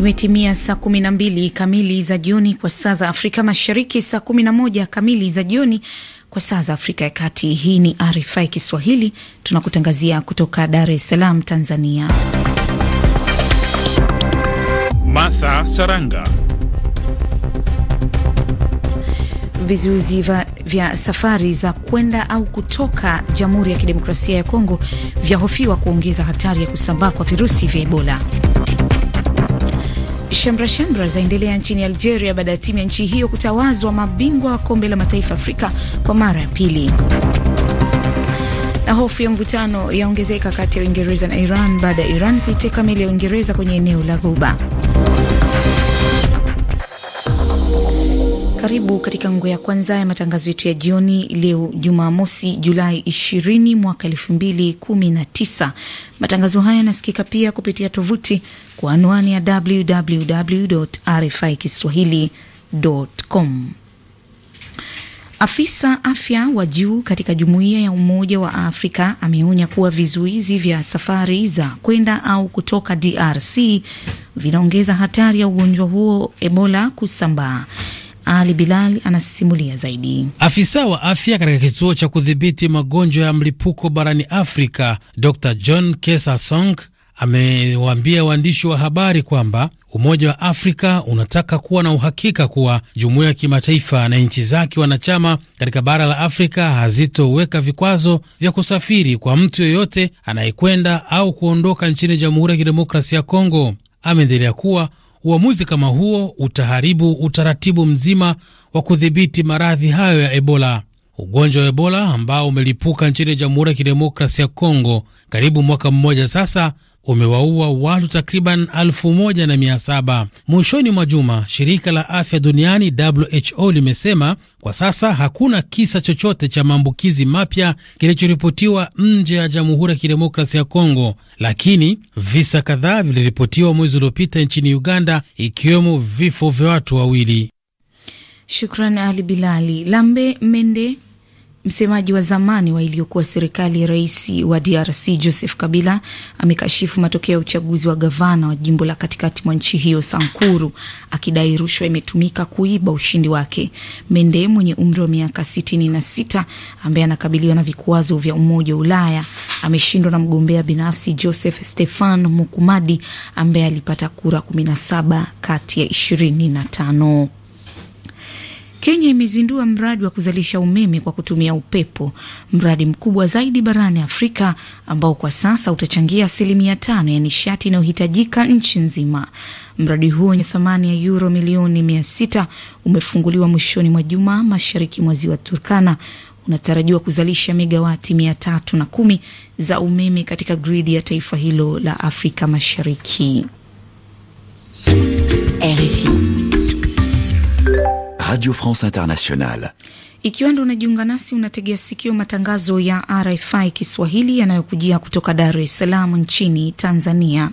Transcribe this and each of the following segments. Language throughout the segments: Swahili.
Imetimia saa 12 kamili za jioni kwa saa za Afrika Mashariki, saa 11 kamili za jioni kwa saa za Afrika ya Kati. Hii ni RFI Kiswahili, tunakutangazia kutoka Dar es Salaam, Tanzania. Martha Saranga. Vizuizi vya safari za kwenda au kutoka Jamhuri ya Kidemokrasia ya Kongo vyahofiwa kuongeza hatari ya kusambaa kwa virusi vya Ebola. Shamra shamra zaendelea nchini Algeria baada ya timu ya nchi hiyo kutawazwa mabingwa wa kombe la mataifa Afrika kwa mara ya pili. Na hofu ya mvutano yaongezeka kati ya Uingereza na Iran baada ya Iran kuiteka meli ya Uingereza kwenye eneo la Ghuba. Karibu katika nguo ya kwanza ya matangazo yetu ya jioni leo Jumamosi, Julai 20 mwaka 2019. Matangazo haya yanasikika pia kupitia tovuti kwa anwani ya www RFI kiswahilicom. Afisa afya wa juu katika jumuiya ya Umoja wa Afrika ameonya kuwa vizuizi vya safari za kwenda au kutoka DRC vinaongeza hatari ya ugonjwa huo Ebola kusambaa. Ali Bilal anasimulia zaidi. Afisa wa afya katika kituo cha kudhibiti magonjwa ya mlipuko barani Afrika, Dr John Kesasong amewaambia waandishi wa habari kwamba Umoja wa Afrika unataka kuwa na uhakika kuwa jumuiya ya kimataifa na nchi zake wanachama katika bara la Afrika hazitoweka vikwazo vya kusafiri kwa mtu yoyote anayekwenda au kuondoka nchini Jamhuri ya Kidemokrasia ya Kongo. Ameendelea kuwa Uamuzi kama huo utaharibu utaratibu mzima wa kudhibiti maradhi hayo ya Ebola. Ugonjwa wa Ebola ambao umelipuka nchini Jamhuri ya Kidemokrasia ya Kongo karibu mwaka mmoja sasa umewaua watu takriban elfu moja na mia saba. Mwishoni mwa juma, shirika la afya duniani WHO limesema kwa sasa hakuna kisa chochote cha maambukizi mapya kilichoripotiwa nje ya Jamhuri ya Kidemokrasia ya Kongo, lakini visa kadhaa viliripotiwa mwezi uliopita nchini Uganda, ikiwemo vifo vya watu wawili. Shukran Ali Bilali Lambe Mende. Msemaji wa zamani wa iliyokuwa serikali ya rais wa DRC Joseph Kabila amekashifu matokeo ya uchaguzi wa gavana wa jimbo la katikati mwa nchi hiyo Sankuru, akidai rushwa imetumika kuiba ushindi wake. Mende mwenye umri wa miaka sitini na sita ambaye anakabiliwa na vikwazo vya Umoja wa Ulaya ameshindwa na mgombea binafsi Joseph Stefan Mukumadi ambaye alipata kura 17 kati ya 25. Kenya imezindua mradi wa kuzalisha umeme kwa kutumia upepo, mradi mkubwa zaidi barani Afrika ambao kwa sasa utachangia asilimia tano ya nishati inayohitajika nchi nzima. Mradi huo wenye thamani ya yuro milioni mia sita umefunguliwa mwishoni mwa juma mashariki mwa ziwa Turkana. Unatarajiwa kuzalisha megawati mia tatu na kumi za umeme katika gridi ya taifa hilo la Afrika Mashariki. RFI. Radio France Internationale. Ikiwa ndo unajiunga nasi, unategea sikio matangazo ya RFI Kiswahili yanayokujia kutoka Dar es Salaam nchini Tanzania.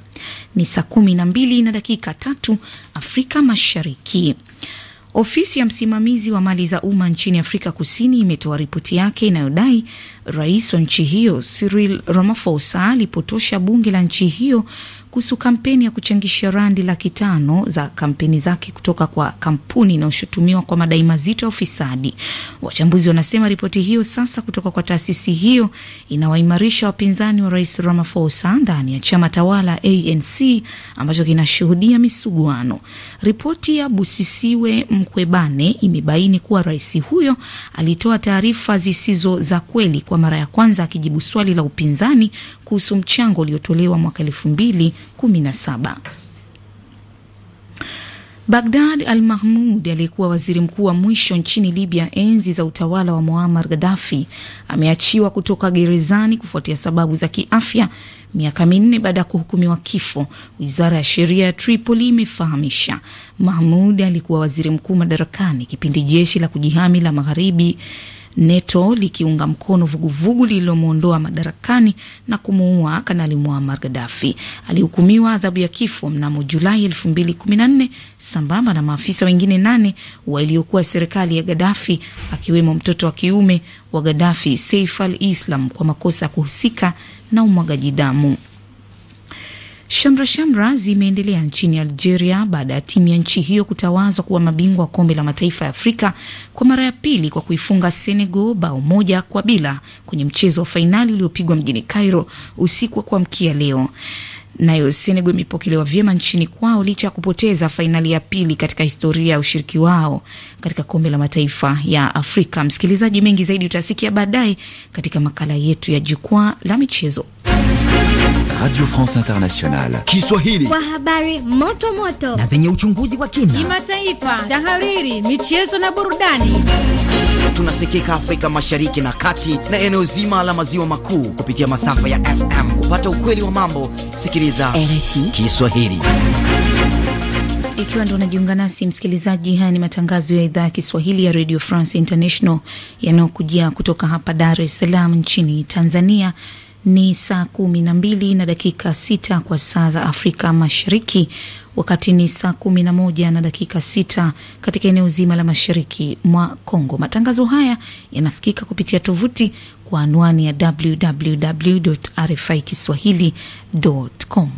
Ni saa kumi na mbili na dakika tatu Afrika Mashariki. Ofisi ya msimamizi wa mali za umma nchini Afrika Kusini imetoa ripoti yake inayodai Rais wa nchi hiyo Cyril Ramaphosa alipotosha bunge la nchi hiyo kuhusu kampeni ya kuchangisha randi laki tano za kampeni zake kutoka kwa kampuni inayoshutumiwa kwa madai mazito ya ufisadi. Wachambuzi wanasema ripoti hiyo sasa kutoka kwa taasisi hiyo inawaimarisha wapinzani wa rais Ramaphosa ndani ya chama tawala ANC ambacho kinashuhudia misuguano. Ripoti ya Busisiwe Mkwebane imebaini kuwa rais huyo alitoa taarifa zisizo za kweli kwa kwa mara ya kwanza akijibu swali la upinzani kuhusu mchango uliotolewa mwaka elfu mbili kumi na saba. Bagdad Al Mahmud aliyekuwa waziri mkuu wa mwisho nchini Libya enzi za utawala wa Muammar Gaddafi ameachiwa kutoka gerezani kufuatia sababu za kiafya miaka minne baada ya kuhukumiwa kifo, wizara ya sheria ya Tripoli imefahamisha. Mahmud alikuwa waziri mkuu madarakani kipindi jeshi la kujihami la magharibi NATO likiunga mkono vuguvugu lililomwondoa madarakani na kumuua Kanali Muammar Gaddafi. Alihukumiwa adhabu ya kifo mnamo Julai 2014 sambamba na maafisa wengine nane waliokuwa serikali ya Gaddafi, akiwemo mtoto wa kiume wa Gaddafi Saif al-Islam kwa makosa ya kuhusika na umwagaji damu. Shamra shamra zimeendelea nchini Algeria baada ya timu ya nchi hiyo kutawazwa kuwa mabingwa wa kombe la mataifa ya Afrika kwa mara ya pili kwa kuifunga Senegal bao moja kwa bila kwenye mchezo wa fainali uliopigwa mjini Cairo usiku wa kuamkia leo. Nayo Senegal imepokelewa vyema nchini kwao licha ya kupoteza fainali ya pili katika historia ya ushiriki wao katika kombe la mataifa ya Afrika. Msikilizaji, mengi zaidi utasikia baadaye katika makala yetu ya jukwaa la michezo. Radio France Internationale Kiswahili, kwa habari moto moto na zenye uchunguzi wa kina, kimataifa, tahariri, michezo na burudani. Tunasikika Afrika Mashariki na Kati na eneo zima la maziwa makuu kupitia masafa ya FM kupata ukweli wa mambo, sikiliza RFI Kiswahili. Ikiwa ndo unajiunga nasi msikilizaji, haya ni matangazo ya idhaa ya Kiswahili ya Radio France International yanayokujia kutoka hapa Dar es Salaam nchini Tanzania. Ni saa kumi na mbili na dakika sita kwa saa za Afrika Mashariki, wakati ni saa kumi na moja na dakika sita katika eneo zima la mashariki mwa Kongo. Matangazo haya yanasikika kupitia tovuti kwa anwani ya www.rfi kiswahili.com.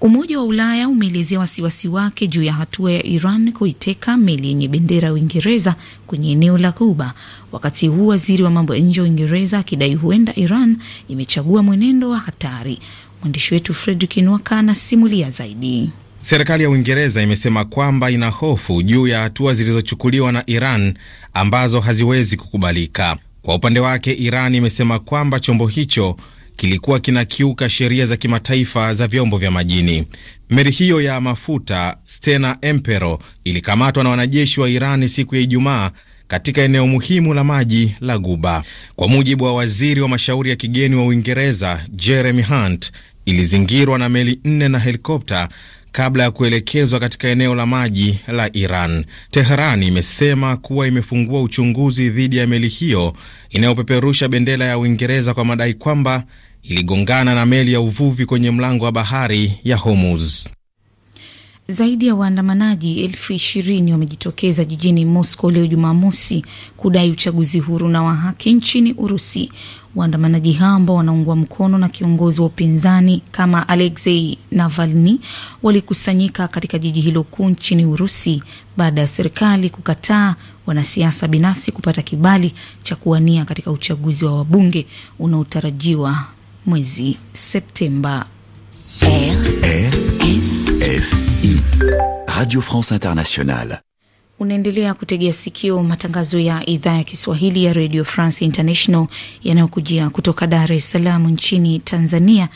Umoja wa Ulaya umeelezea wasiwasi wake juu ya hatua ya Iran kuiteka meli yenye bendera ya Uingereza kwenye eneo la Ghuba, wakati huu waziri wa mambo ya nje wa Uingereza akidai huenda Iran imechagua mwenendo wa hatari. Mwandishi wetu Fredrik Nwaka anasimulia zaidi. Serikali ya Uingereza imesema kwamba ina hofu juu ya hatua zilizochukuliwa na Iran ambazo haziwezi kukubalika. Kwa upande wake, Iran imesema kwamba chombo hicho kilikuwa kinakiuka sheria za kimataifa za vyombo vya majini. Meli hiyo ya mafuta Stena empero ilikamatwa na wanajeshi wa Irani siku ya Ijumaa katika eneo muhimu la maji la Guba. Kwa mujibu wa waziri wa mashauri ya kigeni wa Uingereza Jeremy Hunt, ilizingirwa na meli nne na helikopta kabla ya kuelekezwa katika eneo la maji la Iran. teheran imesema kuwa imefungua uchunguzi dhidi ya meli hiyo inayopeperusha bendera ya Uingereza kwa madai kwamba iligongana na meli ya uvuvi kwenye mlango wa bahari ya Hormuz. Zaidi ya waandamanaji elfu ishirini wamejitokeza jijini Moscow leo Jumamosi kudai uchaguzi huru na wa haki nchini Urusi. Waandamanaji hao ambao wanaungwa mkono na kiongozi wa upinzani kama Alexei Navalny walikusanyika katika jiji hilo kuu nchini Urusi baada ya serikali kukataa wanasiasa binafsi kupata kibali cha kuwania katika uchaguzi wa wabunge unaotarajiwa mwezi Septemba. RFI RFI, Radio France Internationale. Unaendelea kutegea sikio matangazo ya idhaa ya Kiswahili ya Radio France International yanayokujia kutoka Dar es Salaam nchini Tanzania.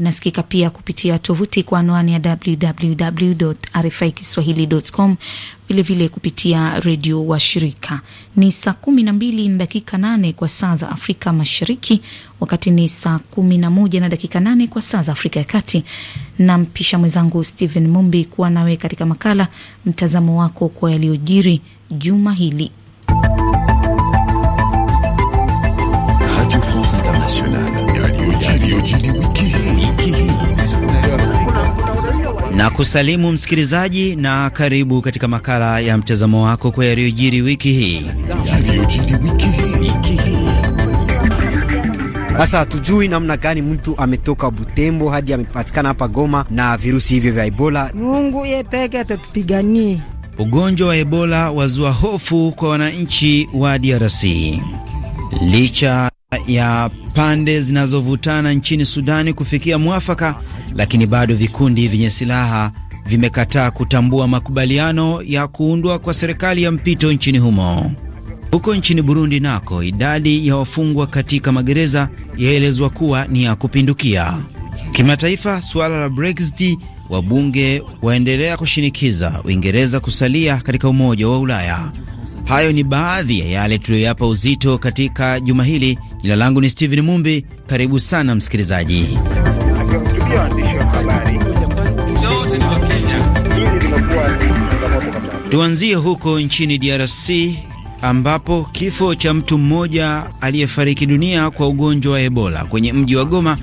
Inasikika pia kupitia tovuti kwa anwani ya www RFI kiswahilicom, vilevile kupitia redio wa shirika. Ni saa 12 na dakika 8 kwa saa za Afrika Mashariki, wakati ni saa 11 na dakika 8 kwa saa za Afrika ya Kati. Nampisha mwenzangu Stephen Mumbi kuwa nawe katika makala mtazamo wako kwa yaliyojiri juma hili. Radio France Internationale. na kusalimu msikilizaji, na karibu katika makala ya mtazamo wako kwa yaliyojiri wiki hii. Sasa hatujui namna gani mtu ametoka Butembo hadi amepatikana hapa Goma na virusi hivyo vya Ebola. Mungu ye peke atatupigania. Ugonjwa wa Ebola wazua hofu kwa wananchi wa DRC licha ya pande zinazovutana nchini Sudani kufikia mwafaka, lakini bado vikundi vyenye silaha vimekataa kutambua makubaliano ya kuundwa kwa serikali ya mpito nchini humo. Huko nchini Burundi nako idadi ya wafungwa katika magereza yaelezwa kuwa ni ya kupindukia. Kimataifa, suala la Brexit wabunge waendelea kushinikiza Uingereza kusalia katika Umoja wa Ulaya. Hayo ni baadhi ya yale tuliyoyapa uzito katika juma hili. Jina langu ni Steven Mumbi. Karibu sana msikilizaji. Tuanzie huko nchini DRC ambapo kifo cha mtu mmoja aliyefariki dunia kwa ugonjwa wa Ebola kwenye mji wa Goma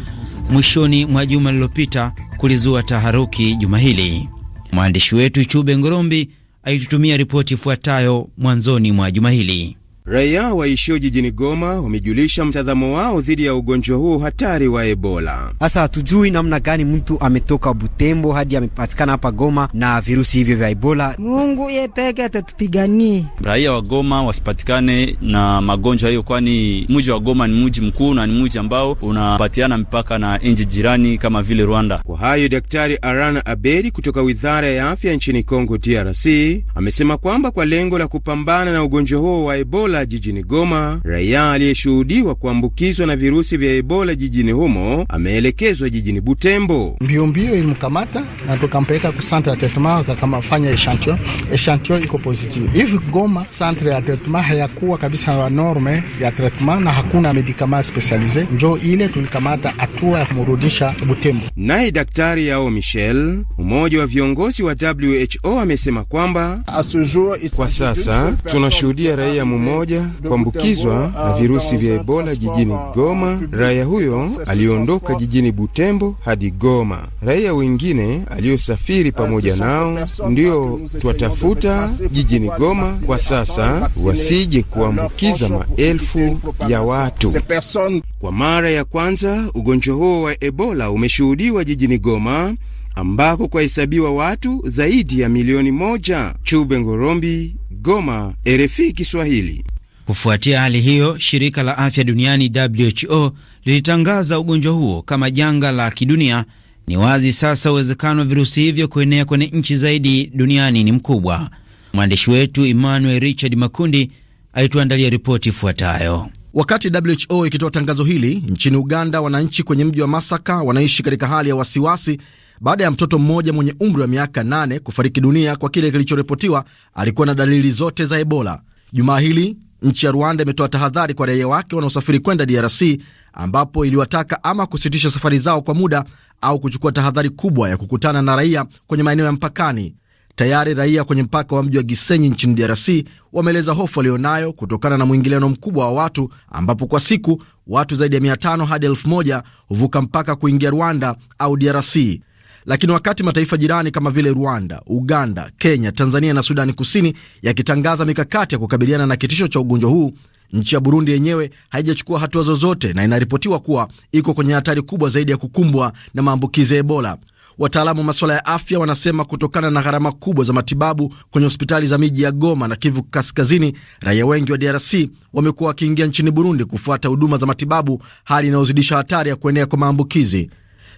mwishoni mwa juma lililopita kulizua taharuki juma hili. Mwandishi wetu Chube Ngorombi alitutumia ripoti ifuatayo mwanzoni mwa juma hili. Raia waishio jijini Goma wamejulisha mtazamo wao dhidi ya ugonjwa huo hatari wa Ebola. Sasa hatujui namna gani mtu ametoka Butembo hadi amepatikana hapa Goma na virusi hivyo vya Ebola. Mungu ye peke atatupiganie Raia wa Goma wasipatikane na magonjwa hiyo, kwani mji wa Goma ni mji mkuu na ni mji ambao unapatiana mipaka na nchi jirani kama vile Rwanda. Kwa hayo, Daktari aran Abedi kutoka Wizara ya Afya nchini Kongo DRC amesema kwamba kwa lengo la kupambana na ugonjwa huo wa Ebola Ebola jijini Goma, raia aliyeshuhudiwa kuambukizwa na virusi vya Ebola jijini humo ameelekezwa jijini Butembo. Mbiombio ilimkamata na tukampeleka ku centre ya tetema, akakamafanya echantio, echantio iko positive hivi. Goma centre ya tetema hayakuwa kabisa na norme ya tretema na hakuna medikama spesialize, njo ile tulikamata hatua ya kumrudisha Butembo. Naye daktari Yao Michel, mmoja wa viongozi wa WHO, amesema kwamba kwa sasa tunashuhudia raia mmoja mmoja kuambukizwa na ah, virusi vya Ebola jijini Goma. Raia huyo aliondoka jijini Butembo hadi Goma. Raia wengine aliosafiri ah, pamoja nao ndio twatafuta jijini Goma kwa sasa, wasije ah, kuambukiza maelfu ya watu. Kwa mara ya kwanza ugonjwa huo wa Ebola umeshuhudiwa jijini Goma ambako kwahesabiwa watu zaidi ya milioni moja. Chube Ngorombi, Goma, RFI Kiswahili. Kufuatia hali hiyo, shirika la afya duniani WHO lilitangaza ugonjwa huo kama janga la kidunia. Ni wazi sasa uwezekano wa virusi hivyo kuenea kwenye nchi zaidi duniani ni mkubwa. Mwandishi wetu Emmanuel Richard Makundi alituandalia ripoti ifuatayo. Wakati WHO ikitoa tangazo hili, nchini Uganda, wananchi kwenye mji wa Masaka wanaishi katika hali ya wasiwasi baada ya mtoto mmoja mwenye umri wa miaka nane kufariki dunia kwa kile kilichoripotiwa alikuwa na dalili zote za Ebola. Jumaa hili Nchi ya Rwanda imetoa tahadhari kwa raia wake wanaosafiri kwenda DRC ambapo iliwataka ama kusitisha safari zao kwa muda au kuchukua tahadhari kubwa ya kukutana na raia kwenye maeneo ya mpakani. Tayari raia kwenye mpaka wa mji wa Gisenyi nchini DRC wameeleza hofu walionayo kutokana na mwingiliano mkubwa wa watu, ambapo kwa siku watu zaidi ya 500 hadi 1000 huvuka mpaka kuingia Rwanda au DRC. Lakini wakati mataifa jirani kama vile Rwanda, Uganda, Kenya, Tanzania na Sudani Kusini yakitangaza mikakati ya kukabiliana na kitisho cha ugonjwa huu, nchi ya Burundi yenyewe haijachukua hatua zozote na inaripotiwa kuwa iko kwenye hatari kubwa zaidi ya kukumbwa na maambukizi ya Ebola. Wataalamu wa masuala ya afya wanasema kutokana na gharama kubwa za matibabu kwenye hospitali za miji ya Goma na Kivu Kaskazini, raia wengi wa DRC wamekuwa wakiingia nchini Burundi kufuata huduma za matibabu, hali inayozidisha hatari ya kuenea kwa maambukizi.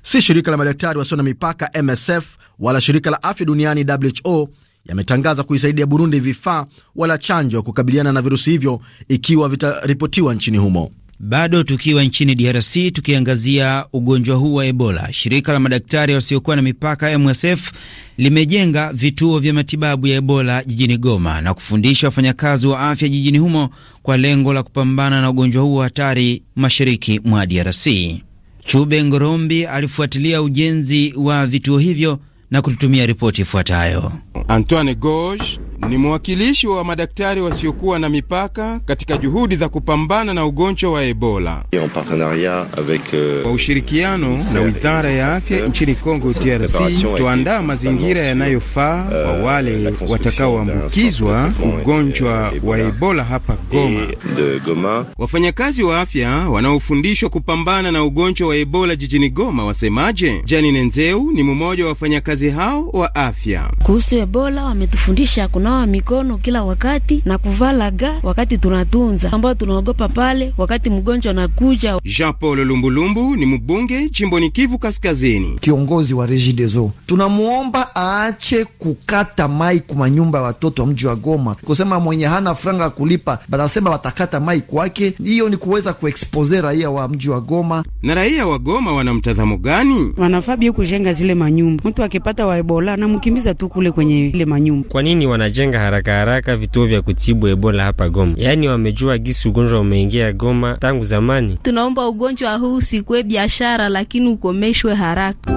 Si shirika la madaktari wasio na mipaka MSF wala shirika la afya duniani WHO yametangaza kuisaidia Burundi vifaa wala chanjo ya kukabiliana na virusi hivyo ikiwa vitaripotiwa nchini humo. Bado tukiwa nchini DRC, tukiangazia ugonjwa huu wa Ebola, shirika la madaktari wasiokuwa na mipaka MSF limejenga vituo vya matibabu ya Ebola jijini Goma na kufundisha wafanyakazi wa afya jijini humo kwa lengo la kupambana na ugonjwa huu wa hatari mashariki mwa DRC. Chube Ngorombi alifuatilia ujenzi wa vituo hivyo na kututumia ripoti ifuatayo. Antoine Gorge ni mwakilishi wa madaktari wasiokuwa na mipaka katika juhudi za kupambana na ugonjwa wa Ebola euh, kwa ushirikiano na wizara ya afya nchini Kongo DRC. tuandaa mazingira yanayofaa euh, kwa wale watakaoambukizwa ugonjwa euh, wa Ebola hapa Goma. Wafanyakazi wa afya wanaofundishwa kupambana na ugonjwa wa Ebola jijini Goma wasemaje? Jani Nenzeu ni mmoja wa wafanyakazi hao wa afya. Kuhusu Ebola wametufundisha kuna tunanawa mikono kila wakati na kuvaa laga wakati tunatunza, ambao tunaogopa pale wakati mgonjwa anakuja. Jean Paul Lumbulumbu ni mbunge jimboni Kivu Kaskazini, kiongozi wa Regideso. Tunamwomba aache kukata mai kwa nyumba ya watoto wa mji wa Goma, kusema mwenye hana franga ya kulipa banasema watakata mai kwake. Hiyo ni kuweza kuexpose raia wa mji wa Goma. Na raia wa Goma wana mtazamo gani? Wanafaa bie kujenga zile manyumba, mtu akipata wa Ebola namkimbiza tu kule kwenye ile manyumba. Kwa nini wana wamejenga haraka haraka vituo vya kutibu Ebola hapa Goma. Yaani wamejua gisi ugonjwa umeingia Goma tangu zamani. Tunaomba ugonjwa huu usikuwe biashara, lakini ukomeshwe haraka.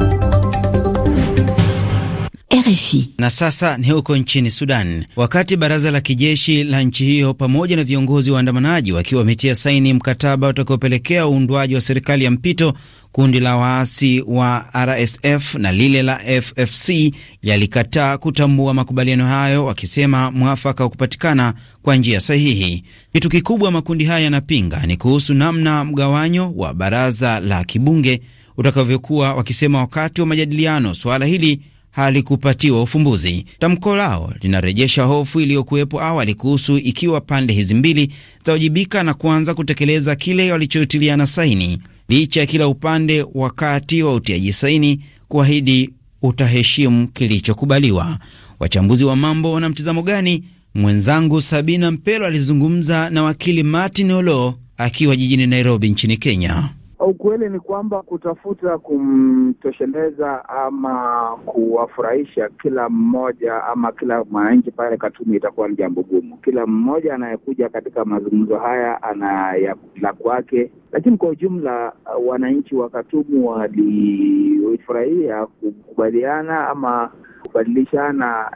RFI. Na sasa ni huko nchini Sudan, wakati baraza la kijeshi la nchi hiyo pamoja na viongozi waandamanaji wakiwa wametia saini mkataba utakaopelekea uundwaji wa serikali ya mpito, kundi la waasi wa RSF na lile la FFC yalikataa kutambua makubaliano hayo, wakisema mwafaka wa kupatikana kwa njia sahihi. Kitu kikubwa makundi haya yanapinga ni kuhusu namna mgawanyo wa baraza la kibunge utakavyokuwa, wakisema wakati wa majadiliano suala hili halikupatiwa ufumbuzi. Tamko lao linarejesha hofu iliyokuwepo awali kuhusu ikiwa pande hizi mbili zawajibika na kuanza kutekeleza kile walichotiliana saini, licha ya kila upande wakati wa utiaji saini kuahidi utaheshimu kilichokubaliwa. Wachambuzi wa mambo wana mtizamo gani? Mwenzangu Sabina Mpelo alizungumza na wakili Martin Olo akiwa jijini Nairobi nchini Kenya. Ukweli ni kwamba kutafuta kumtosheleza ama kuwafurahisha kila mmoja ama kila mwananchi pale Katumu itakuwa ni jambo gumu. Kila mmoja anayekuja katika mazungumzo haya ana la kwake, lakini kwa ujumla uh, wananchi wa Katumu walifurahia kukubaliana ama kubadilishana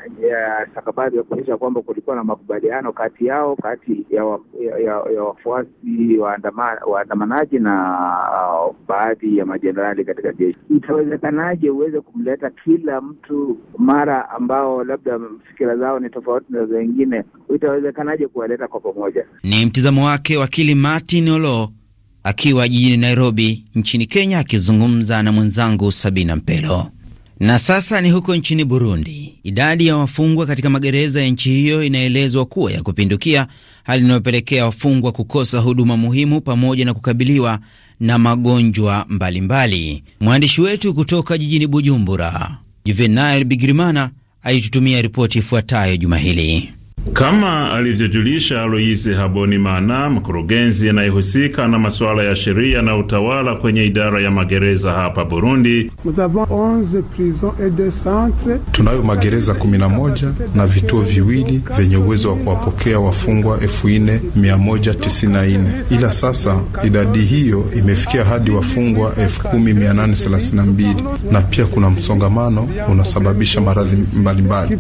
stakabadhi ya kuonyesha kwamba kulikuwa na makubaliano kati yao kati ya wafuasi waandamanaji na uh, baadhi ya majenerali katika jeshi. Itawezekanaje uweze kumleta kila mtu mara ambao labda fikira zao ni tofauti na zengine, itawezekanaje kuwaleta kwa pamoja? Ni mtizamo wake wakili Martin Olo akiwa jijini Nairobi nchini Kenya, akizungumza na mwenzangu Sabina Mpelo. Na sasa ni huko nchini Burundi. Idadi ya wafungwa katika magereza ya nchi hiyo inaelezwa kuwa ya kupindukia, hali inayopelekea wafungwa kukosa huduma muhimu pamoja na kukabiliwa na magonjwa mbalimbali. Mwandishi wetu kutoka jijini Bujumbura, Juvenal Bigirimana, alitutumia ripoti ifuatayo juma hili. Kama alivyojulisha haboni Habonimana, mkurugenzi anayehusika na, na masuala ya sheria na utawala kwenye idara ya magereza hapa Burundi, tunayo magereza 11 na vituo viwili vyenye uwezo wa kuwapokea wafungwa 4194 ila sasa idadi hiyo imefikia hadi wafungwa 10832 na pia kuna msongamano unasababisha maradhi mbalimbali.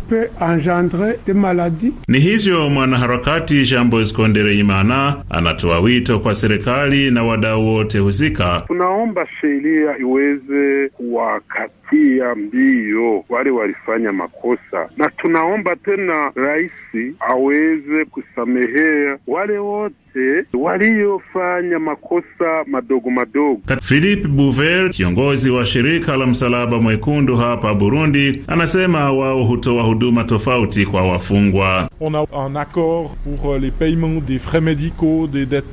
Ni hivyo mwanaharakati Jean Bosco Ndereimana anatoa wito kwa serikali na wadau wote husika. Tunaomba sheria iweze kuwaka kuwafikia mbio wale walifanya makosa, na tunaomba tena rais aweze kusamehea wale wote waliofanya makosa madogo madogo. Philippe Bouver, kiongozi wa shirika la Msalaba Mwekundu hapa Burundi, anasema wao hutoa huduma tofauti kwa wafungwa.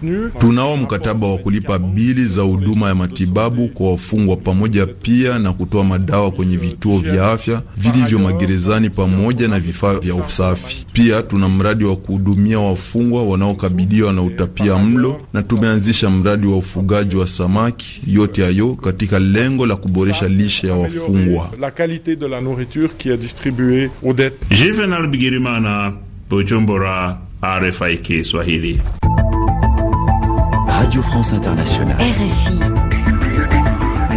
Euh, Tunao mkataba wa kulipa bili za huduma ya matibabu kwa wafungwa pamoja pia na kutoa dawa kwenye vituo vya afya vilivyo magerezani pamoja na vifaa vya usafi. Pia tuna mradi wa kuhudumia wafungwa wanaokabiliwa na utapia mlo na tumeanzisha mradi wa ufugaji wa samaki. Yote hayo katika lengo la kuboresha lishe ya wafungwa. Juvenal Bigirimana, Bujumbura, RFI Kiswahili, Radio France Internationale. RFI.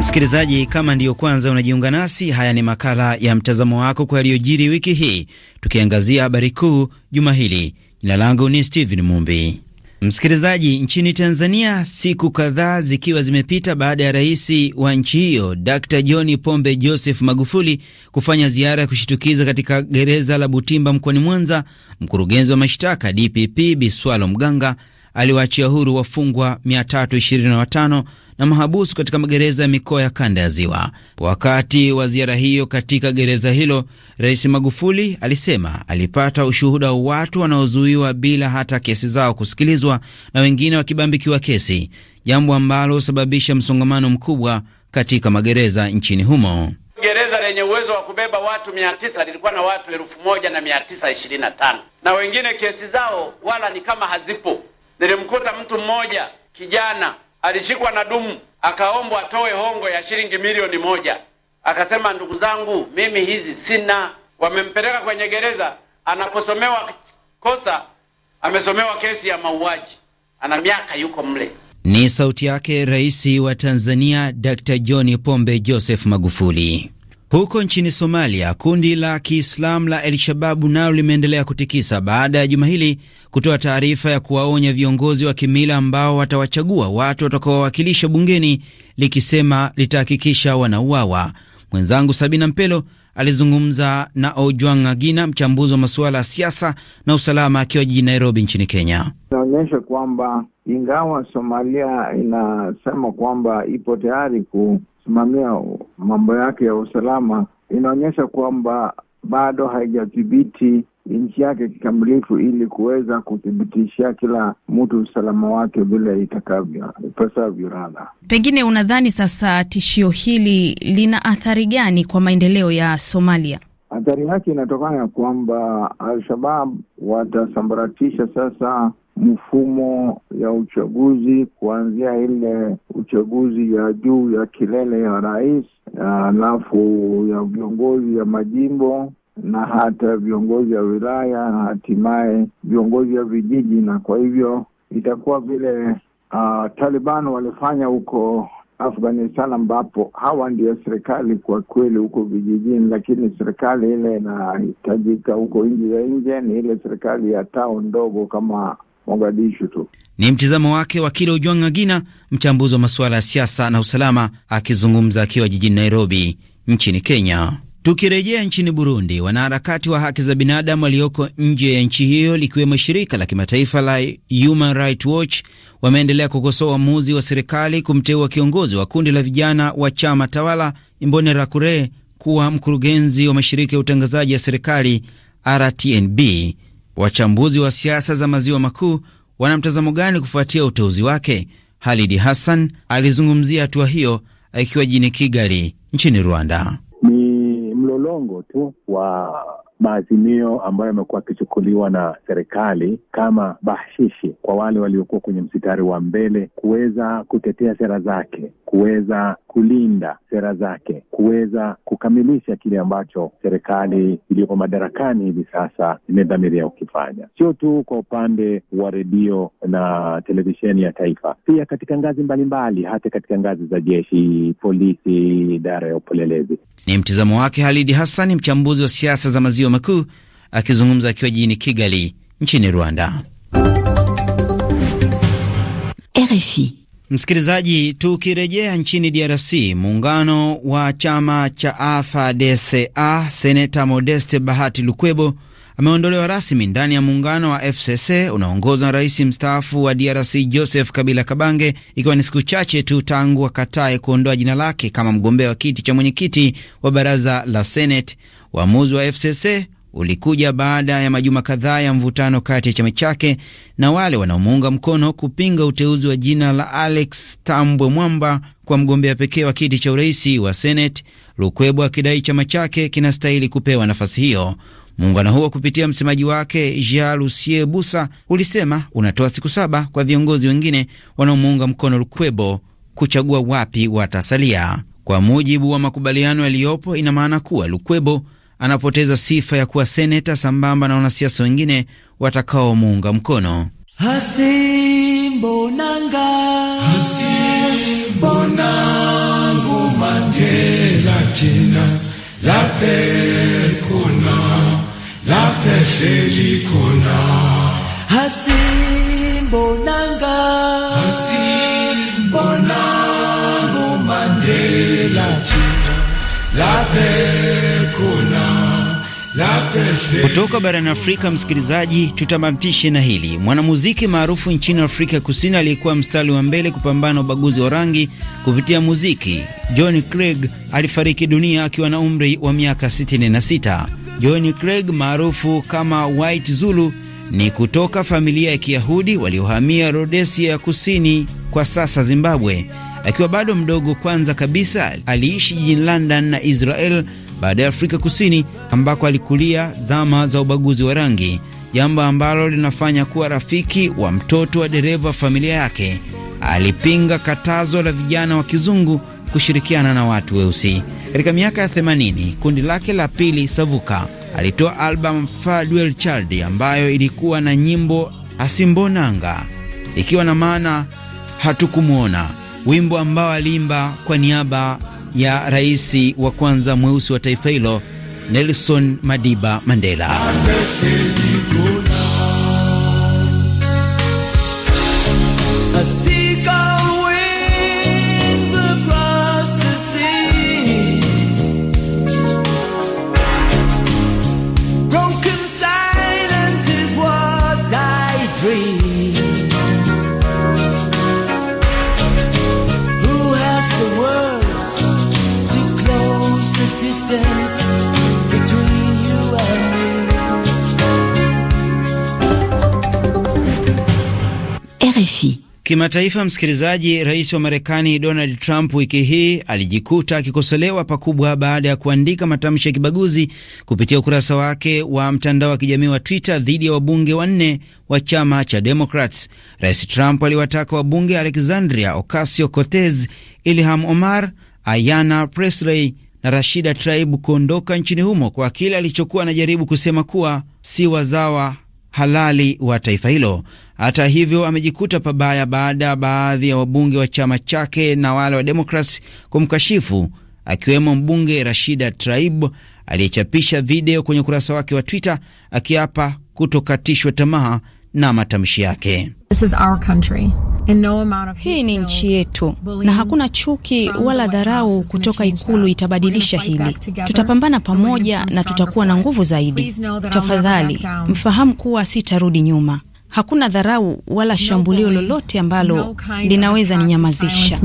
Msikilizaji, kama ndiyo kwanza unajiunga nasi, haya ni makala ya mtazamo wako kwa yaliyojiri wiki hii, tukiangazia habari kuu juma hili. Jina langu ni Steven Mumbi. Msikilizaji, nchini Tanzania, siku kadhaa zikiwa zimepita baada ya rais wa nchi hiyo d John Pombe Joseph Magufuli kufanya ziara ya kushitukiza katika gereza la Butimba mkoani Mwanza, mkurugenzi wa mashtaka DPP Biswalo Mganga aliwaachia huru wafungwa 325 na mahabusu katika magereza ya mikoa ya kanda ya Ziwa. Wakati wa ziara hiyo katika gereza hilo, Rais Magufuli alisema alipata ushuhuda wa watu wanaozuiwa bila hata kesi zao kusikilizwa na wengine wakibambikiwa kesi, jambo ambalo husababisha msongamano mkubwa katika magereza nchini humo. Gereza lenye uwezo wa kubeba watu mia tisa lilikuwa na watu elfu moja na mia tisa ishirini na tano na wengine kesi zao wala ni kama hazipo. Nilimkuta mtu mmoja kijana alishikwa na dumu, akaombwa atoe hongo ya shilingi milioni moja. Akasema, ndugu zangu, mimi hizi sina. Wamempeleka kwenye gereza, anaposomewa kosa amesomewa kesi ya mauaji, ana miaka yuko mle. Ni sauti yake Rais wa Tanzania Dr. John Pombe Joseph Magufuli. Huko nchini Somalia, kundi la Kiislamu la El Shababu nalo limeendelea kutikisa baada ya juma hili kutoa taarifa ya kuwaonya viongozi wa kimila ambao watawachagua watu watakaowawakilisha bungeni, likisema litahakikisha wanauawa. Mwenzangu Sabina Mpelo alizungumza na Ojwang Agina, mchambuzi wa masuala ya siasa na usalama, akiwa jijini Nairobi nchini Kenya. Inaonyesha kwamba ingawa Somalia inasema kwamba ipo tayari ku kusimamia mambo yake ya usalama, inaonyesha kwamba bado haijadhibiti nchi yake kikamilifu ili kuweza kuthibitishia kila mtu usalama wake vile itakavyo ipasavyo. Radha, pengine unadhani sasa tishio hili lina athari gani kwa maendeleo ya Somalia? Athari yake inatokana ya kwamba Al-Shabab watasambaratisha sasa mifumo ya uchaguzi kuanzia ile uchaguzi ya juu ya kilele ya rais, halafu ya viongozi ya majimbo na hata viongozi ya wilaya na hatimaye viongozi ya vijiji. Na kwa hivyo itakuwa vile uh, Taliban walifanya huko Afghanistan, ambapo hawa ndio serikali kwa kweli huko vijijini, lakini serikali ile inahitajika huko nchi za nje ni ile serikali ya tao ndogo kama Mogadishu tu. Ni mtizamo wake wakili Ojwang Agina, mchambuzi wa masuala ya siasa na usalama, akizungumza akiwa jijini Nairobi nchini Kenya. Tukirejea nchini Burundi, wanaharakati wa haki za binadamu walioko nje ya nchi hiyo likiwemo shirika la kimataifa la Human Rights Watch wameendelea kukosoa uamuzi wa serikali kumteua kiongozi wa kundi la vijana wa chama tawala Imbonerakure kuwa mkurugenzi wa mashirika ya utangazaji ya serikali RTNB. Wachambuzi wa siasa za maziwa makuu wana mtazamo gani kufuatia uteuzi wake? Halidi Hassan alizungumzia hatua hiyo akiwa jijini Kigali nchini Rwanda. Ni mlolongo tu wa maazimio ambayo yamekuwa akichukuliwa na serikali kama bashishi kwa wale waliokuwa kwenye msitari wa mbele kuweza kutetea sera zake, kuweza kulinda sera zake, kuweza kukamilisha kile ambacho serikali iliyopo madarakani hivi sasa imedhamiria kukifanya, sio tu kwa upande wa redio na televisheni ya taifa, pia katika ngazi mbalimbali, hata katika ngazi za jeshi, polisi, idara ya upelelezi. Ni mtizamo wake Halidi Hassani, mchambuzi wa siasa za maziwa maziwa makuu akizungumza akiwa jijini Kigali nchini Rwanda. RFI. Msikilizaji, tukirejea nchini DRC, muungano wa chama cha AFDCA seneta Modeste Bahati Lukwebo ameondolewa rasmi ndani ya muungano wa FCC unaongozwa na rais mstaafu wa DRC Joseph Kabila Kabange, ikiwa ni siku chache tu tangu akatae kuondoa jina lake kama mgombea wa kiti cha mwenyekiti wa baraza la Senate, Uamuzi wa FCC ulikuja baada ya majuma kadhaa ya mvutano kati ya chama chake na wale wanaomuunga mkono kupinga uteuzi wa jina la Alex Tambwe Mwamba kwa mgombea pekee wa kiti cha uraisi wa Seneti, Lukwebwa akidai chama chake kinastahili kupewa nafasi hiyo. Muungano huo kupitia msemaji wake Jean Lucie Busa ulisema unatoa siku saba kwa viongozi wengine wanaomuunga mkono Lukwebo kuchagua wapi watasalia. Kwa mujibu wa makubaliano yaliyopo, ina maana kuwa Lukwebo anapoteza sifa ya kuwa seneta sambamba na wanasiasa wengine watakaomuunga mkono. Hasimbonanga, hasimbonangu Mandela lape lape feli Hasimbonanga, hasimbonangu Mandela kutoka barani Afrika. Msikilizaji, tutamatishe na hili. Mwanamuziki maarufu nchini Afrika Kusini aliyekuwa mstari wa mbele kupambana ubaguzi wa rangi kupitia muziki, John Craig alifariki dunia akiwa na umri wa miaka 66. John Craig maarufu kama White Zulu ni kutoka familia ya Kiyahudi waliohamia Rhodesia ya Kusini, kwa sasa Zimbabwe Akiwa bado mdogo, kwanza kabisa aliishi jijini London na Israel, baada ya Afrika Kusini ambako alikulia zama za ubaguzi wa rangi, jambo ambalo linafanya kuwa rafiki wa mtoto wa dereva wa familia yake. Alipinga katazo la vijana wa kizungu kushirikiana na watu weusi. Katika miaka ya 80 kundi lake la pili Savuka alitoa albamu Farewell Child ambayo ilikuwa na nyimbo Asimbonanga, ikiwa na maana hatukumwona wimbo ambao aliimba kwa niaba ya rais wa kwanza mweusi wa taifa hilo Nelson Madiba Mandela. Kimataifa, msikilizaji, rais wa Marekani Donald Trump wiki hii alijikuta akikosolewa pakubwa baada ya kuandika matamshi ya kibaguzi kupitia ukurasa wake wa mtandao wa kijamii wa Twitter dhidi ya wabunge wanne wa chama cha Democrats. Rais Trump aliwataka wabunge Alexandria Ocasio Cortez, Ilham Omar, Ayanna Presley na Rashida Tlaib kuondoka nchini humo kwa kile alichokuwa anajaribu kusema kuwa si wazawa halali wa taifa hilo. Hata hivyo, amejikuta pabaya baada ya baadhi ya wabunge wa chama chake na wale wa Demokrasi kumkashifu akiwemo mbunge Rashida Traib aliyechapisha video kwenye ukurasa wake wa Twitter akiapa kutokatishwa tamaa na matamshi yake. This is our country. Hii ni nchi yetu na hakuna chuki wala dharau kutoka Ikulu itabadilisha hili. Tutapambana pamoja na tutakuwa na nguvu zaidi. Tafadhali mfahamu kuwa sitarudi nyuma. Hakuna dharau wala shambulio lolote ambalo linaweza ninyamazisha.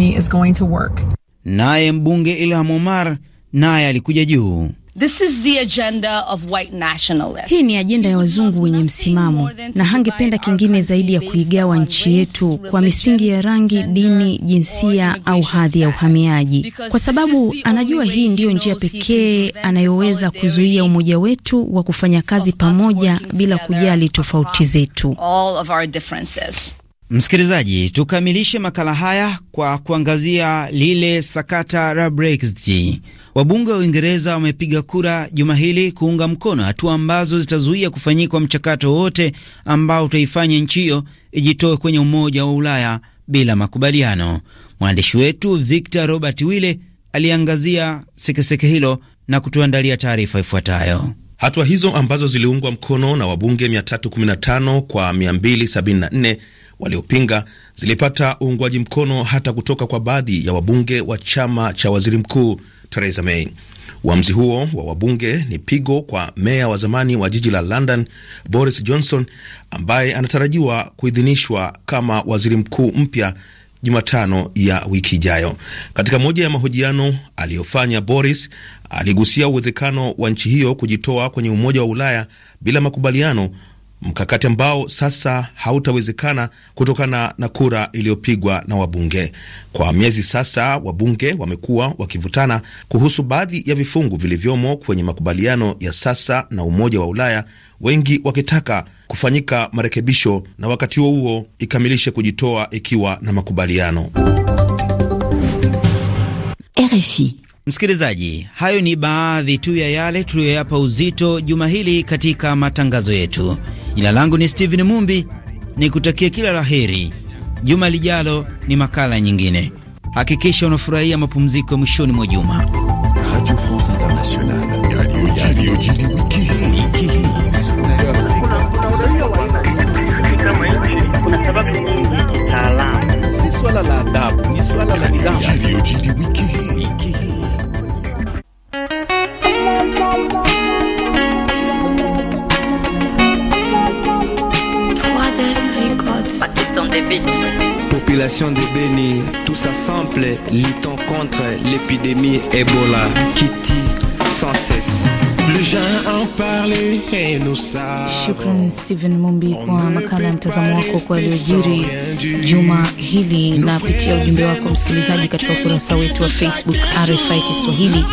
Naye mbunge Ilham Omar naye alikuja juu This is the agenda of white nationalists. Hii ni ajenda ya wazungu wenye msimamo, na hangependa kingine zaidi ya kuigawa nchi yetu kwa misingi ya rangi, dini, jinsia au hadhi ya uhamiaji, kwa sababu anajua hii ndiyo njia pekee anayoweza kuzuia umoja wetu wa kufanya kazi pamoja bila kujali tofauti zetu. All of our differences. Msikilizaji, tukamilishe makala haya kwa kuangazia lile sakata la Brexit. Wabunge wa Uingereza wamepiga kura juma hili kuunga mkono hatua ambazo zitazuia kufanyikwa mchakato wote ambao utaifanya nchi hiyo ijitoe kwenye Umoja wa Ulaya bila makubaliano. Mwandishi wetu Victor Robert Wille aliangazia sekeseke hilo na kutuandalia taarifa ifuatayo. Hatua hizo ambazo ziliungwa mkono na wabunge 315 kwa 274 waliopinga zilipata uungwaji mkono hata kutoka kwa baadhi ya wabunge wa chama cha waziri mkuu Theresa May. Uamuzi huo wa wabunge ni pigo kwa meya wa zamani wa jiji la London Boris Johnson ambaye anatarajiwa kuidhinishwa kama waziri mkuu mpya Jumatano ya wiki ijayo. Katika moja ya mahojiano aliyofanya, Boris aligusia uwezekano wa nchi hiyo kujitoa kwenye Umoja wa Ulaya bila makubaliano, mkakati ambao sasa hautawezekana kutokana na kura iliyopigwa na wabunge. Kwa miezi sasa, wabunge wamekuwa wakivutana kuhusu baadhi ya vifungu vilivyomo kwenye makubaliano ya sasa na Umoja wa Ulaya wengi wakitaka kufanyika marekebisho na wakati huo huo ikamilishe kujitoa ikiwa na makubaliano. RFI. Msikilizaji, hayo ni baadhi tu ya yale tuliyoyapa uzito juma hili katika matangazo yetu. Jina langu ni Steven Mumbi, ni kutakia kila la heri. Juma lijalo ni makala nyingine. Hakikisha unafurahia mapumziko ya mwishoni mwa juma. Radio France Internationale. Population de Beni, tout ça simple, luttons contre l'épidémie Ebola. Kitty sans cesse. Shukran Stephen Mumbi kwa makala ya mtazamo wako kwa yaliyojiri juma hili, na pitia ujumbe wako msikilizaji katika ukurasa wetu wa Facebook RFI Kiswahili.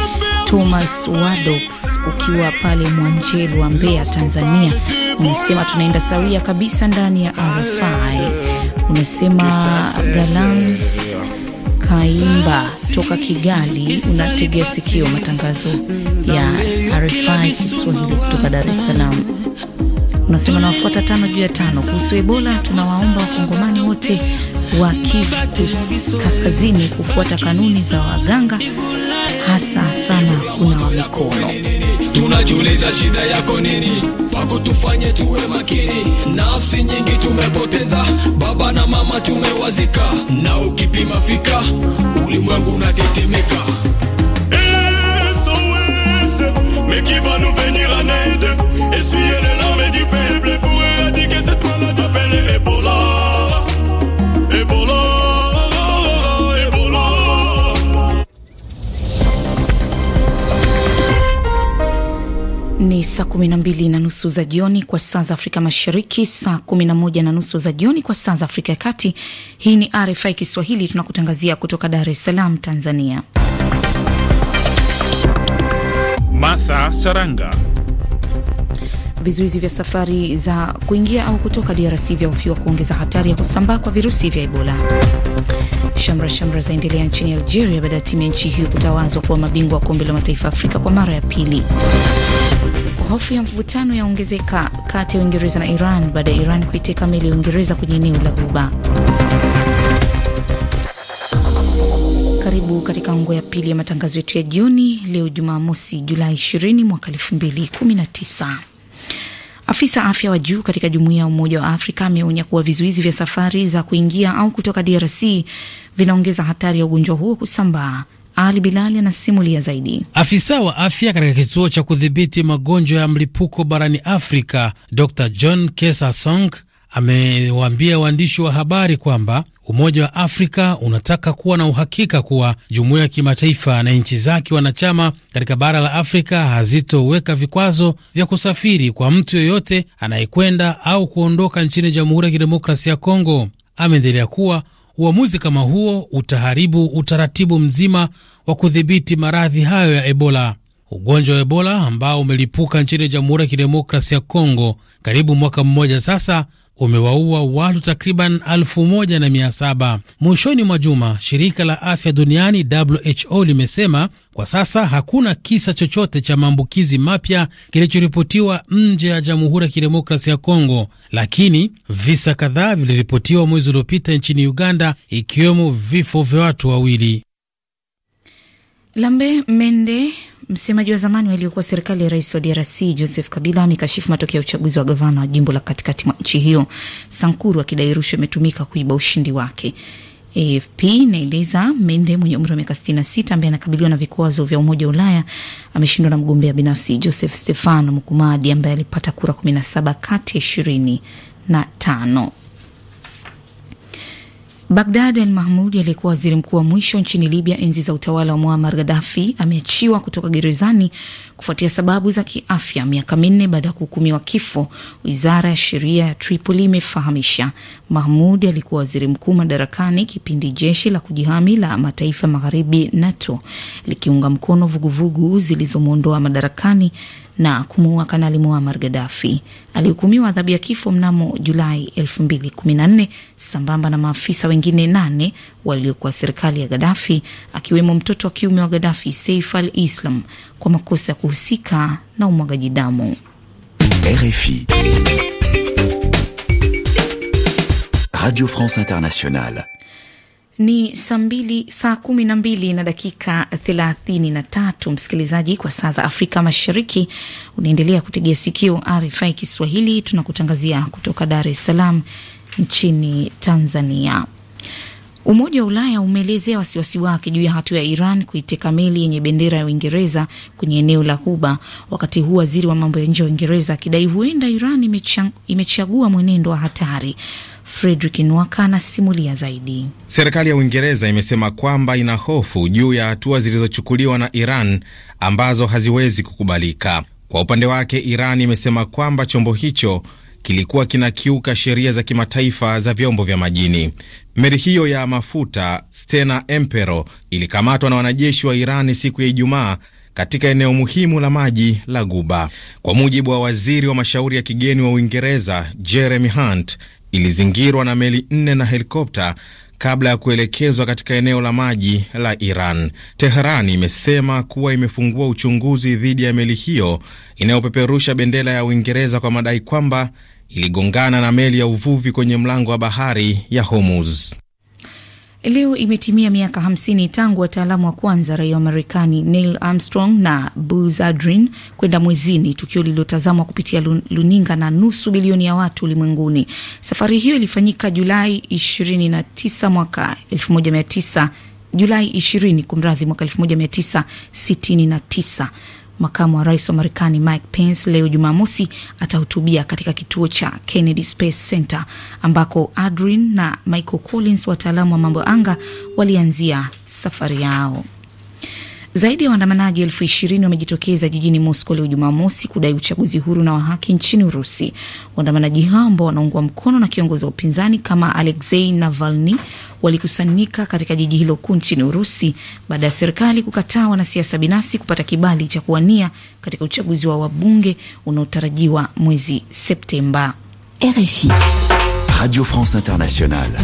Thomas Wadox ukiwa pale Mwanjelwa, Mbeya, Tanzania, unasema tunaenda sawia kabisa ndani ya RFI. Unasema Galans Kaimba kutoka Kigali unategea sikio matangazo ya RFI Kiswahili kutoka Dar es Salaam. Unasema nawafuata tano juu ya tano kuhusu Ebola. Tunawaomba wakongomani wote wa Kivu Kaskazini kufuata kanuni za waganga, hasa sana kunawa mikono tunajiuliza shida yako nini, pako tufanye tuwe makini. Nafsi nyingi tumepoteza, baba na mama tumewazika, na ukipima fika ulimwengu unatetemeka. SOS, va nous venir en aide? Ni saa 12 na nusu za jioni kwa saa za Afrika Mashariki, saa 11 na nusu za jioni kwa saa za Afrika ya Kati. Hii ni RFI Kiswahili, tunakutangazia kutoka Dar es Salaam, Tanzania. Martha Saranga. Vizuizi vya safari za kuingia au kutoka DRC vyahofiwa kuongeza hatari ya kusambaa kwa virusi vya Ebola. Shamra shamra zaendelea nchini Algeria baada ya timu ya nchi hiyo kutawazwa kuwa mabingwa wa kombe la mataifa Afrika kwa mara ya pili. Hofu ya mvutano yaongezeka kati ya Uingereza na Iran baada ya Iran kuiteka meli ya Uingereza kwenye eneo la Ghuba. Karibu katika ngo ya pili ya matangazo yetu ya jioni leo Jumamosi, Julai 20 mwaka 2019. Afisa afya wa juu katika jumuiya ya Umoja wa Afrika ameonya kuwa vizuizi vya safari za kuingia au kutoka DRC vinaongeza hatari ya ugonjwa huo kusambaa. Ali Bilali anasimulia zaidi. Afisa wa afya katika kituo cha kudhibiti magonjwa ya mlipuko barani Afrika, Dr John Kesa Song amewaambia waandishi wa habari kwamba Umoja wa Afrika unataka kuwa na uhakika kuwa jumuiya ya kimataifa na nchi zake wanachama katika bara la Afrika hazitoweka vikwazo vya kusafiri kwa mtu yoyote anayekwenda au kuondoka nchini Jamhuri ya Kidemokrasia ya Kongo. Ameendelea kuwa uamuzi kama huo utaharibu utaratibu mzima wa kudhibiti maradhi hayo ya Ebola. Ugonjwa wa Ebola ambao umelipuka nchini Jamhuri ya Kidemokrasia ya Kongo karibu mwaka mmoja sasa umewaua watu takriban elfu moja na mia saba. Mwishoni mwa juma shirika la afya duniani WHO limesema kwa sasa hakuna kisa chochote cha maambukizi mapya kilichoripotiwa nje ya Jamhuri ya kidemokrasi ya Kongo, lakini visa kadhaa viliripotiwa mwezi uliopita nchini Uganda, ikiwemo vifo vya watu wawili. Lambe Mende, msemaji wa zamani waliokuwa serikali ya rais wa DRC Joseph Kabila amekashifu matokeo ya uchaguzi wa gavana wa jimbo la katikati mwa nchi hiyo, Sankuru akidai rushwa imetumika kuiba ushindi wake. AFP inaeleza Mende mwenye umri wa miaka 66 ambaye anakabiliwa na vikwazo vya Umoja wa Ulaya ameshindwa na mgombea binafsi Joseph Stefano Mkumadi ambaye alipata kura 17 kati ya 25. Bagdad Al Mahmud aliyekuwa waziri mkuu wa mwisho nchini Libya enzi za utawala wa Muammar Gaddafi ameachiwa kutoka gerezani kufuatia sababu za kiafya miaka minne baada ya kuhukumiwa kifo, wizara ya sheria ya Tripoli imefahamisha. Mahmud alikuwa waziri mkuu madarakani kipindi jeshi la kujihami la mataifa magharibi NATO likiunga mkono vuguvugu zilizomwondoa madarakani na kumuua Kanali Muammar Gaddafi. Alihukumiwa adhabu ya kifo mnamo Julai 2014 sambamba na maafisa wengine nane waliokuwa serikali ya Gaddafi, akiwemo mtoto wa kiume wa Gaddafi, Saif al-Islam, kwa makosa ya kuhusika na umwagaji damu. RFI Radio France Internationale. Ni saa mbili, saa kumi na mbili na dakika thelathini na tatu msikilizaji, kwa saa za Afrika Mashariki. Unaendelea kutegea sikio RFI Kiswahili, tunakutangazia kutoka Dar es Salaam nchini Tanzania. Umoja wa Ulaya umeelezea wasiwasi wake juu ya hatua ya Iran kuiteka meli yenye bendera ya Uingereza kwenye eneo la Ghuba, wakati huu waziri wa mambo ya nje wa Uingereza akidai huenda Iran imechagua mwenendo wa hatari. Fredrik Nwaka anasimulia zaidi. Serikali ya Uingereza imesema kwamba ina hofu juu ya hatua zilizochukuliwa na Iran ambazo haziwezi kukubalika. Kwa upande wake, Iran imesema kwamba chombo hicho kilikuwa kinakiuka sheria za kimataifa za vyombo vya majini. Meli hiyo ya mafuta Stena empero ilikamatwa na wanajeshi wa Irani siku ya Ijumaa katika eneo muhimu la maji la Guba. Kwa mujibu wa waziri wa mashauri ya kigeni wa Uingereza Jeremy Hunt, ilizingirwa na meli nne na helikopta kabla ya kuelekezwa katika eneo la maji la Iran. teheran imesema kuwa imefungua uchunguzi dhidi ya meli hiyo inayopeperusha bendera ya Uingereza kwa madai kwamba iligongana na meli ya uvuvi kwenye mlango wa bahari ya Hormuz. Leo imetimia miaka 50 tangu wataalamu wa kwanza raia wa Marekani Neil Armstrong na Buzz Aldrin kwenda mwezini, tukio lililotazamwa kupitia luninga na nusu bilioni ya watu ulimwenguni. Safari hiyo ilifanyika Julai 29 mwaka 19 Julai 20 kumradhi, mwaka 1969. Makamu wa rais wa Marekani Mike Pence leo Jumamosi atahutubia katika kituo cha Kennedy Space Center ambako adrin na Michael Collins, wataalamu wa mambo ya anga, walianzia safari yao. Zaidi ya waandamanaji elfu ishirini wamejitokeza jijini Moscow leo Jumamosi kudai uchaguzi huru na wa haki nchini Urusi. Waandamanaji hao ambao wanaungwa mkono na kiongozi wa upinzani kama Alexei Navalny walikusanyika katika jiji hilo kuu nchini Urusi baada ya serikali kukataa wanasiasa binafsi kupata kibali cha kuwania katika uchaguzi wa wabunge unaotarajiwa mwezi Septemba. RFI Radio France Internationale.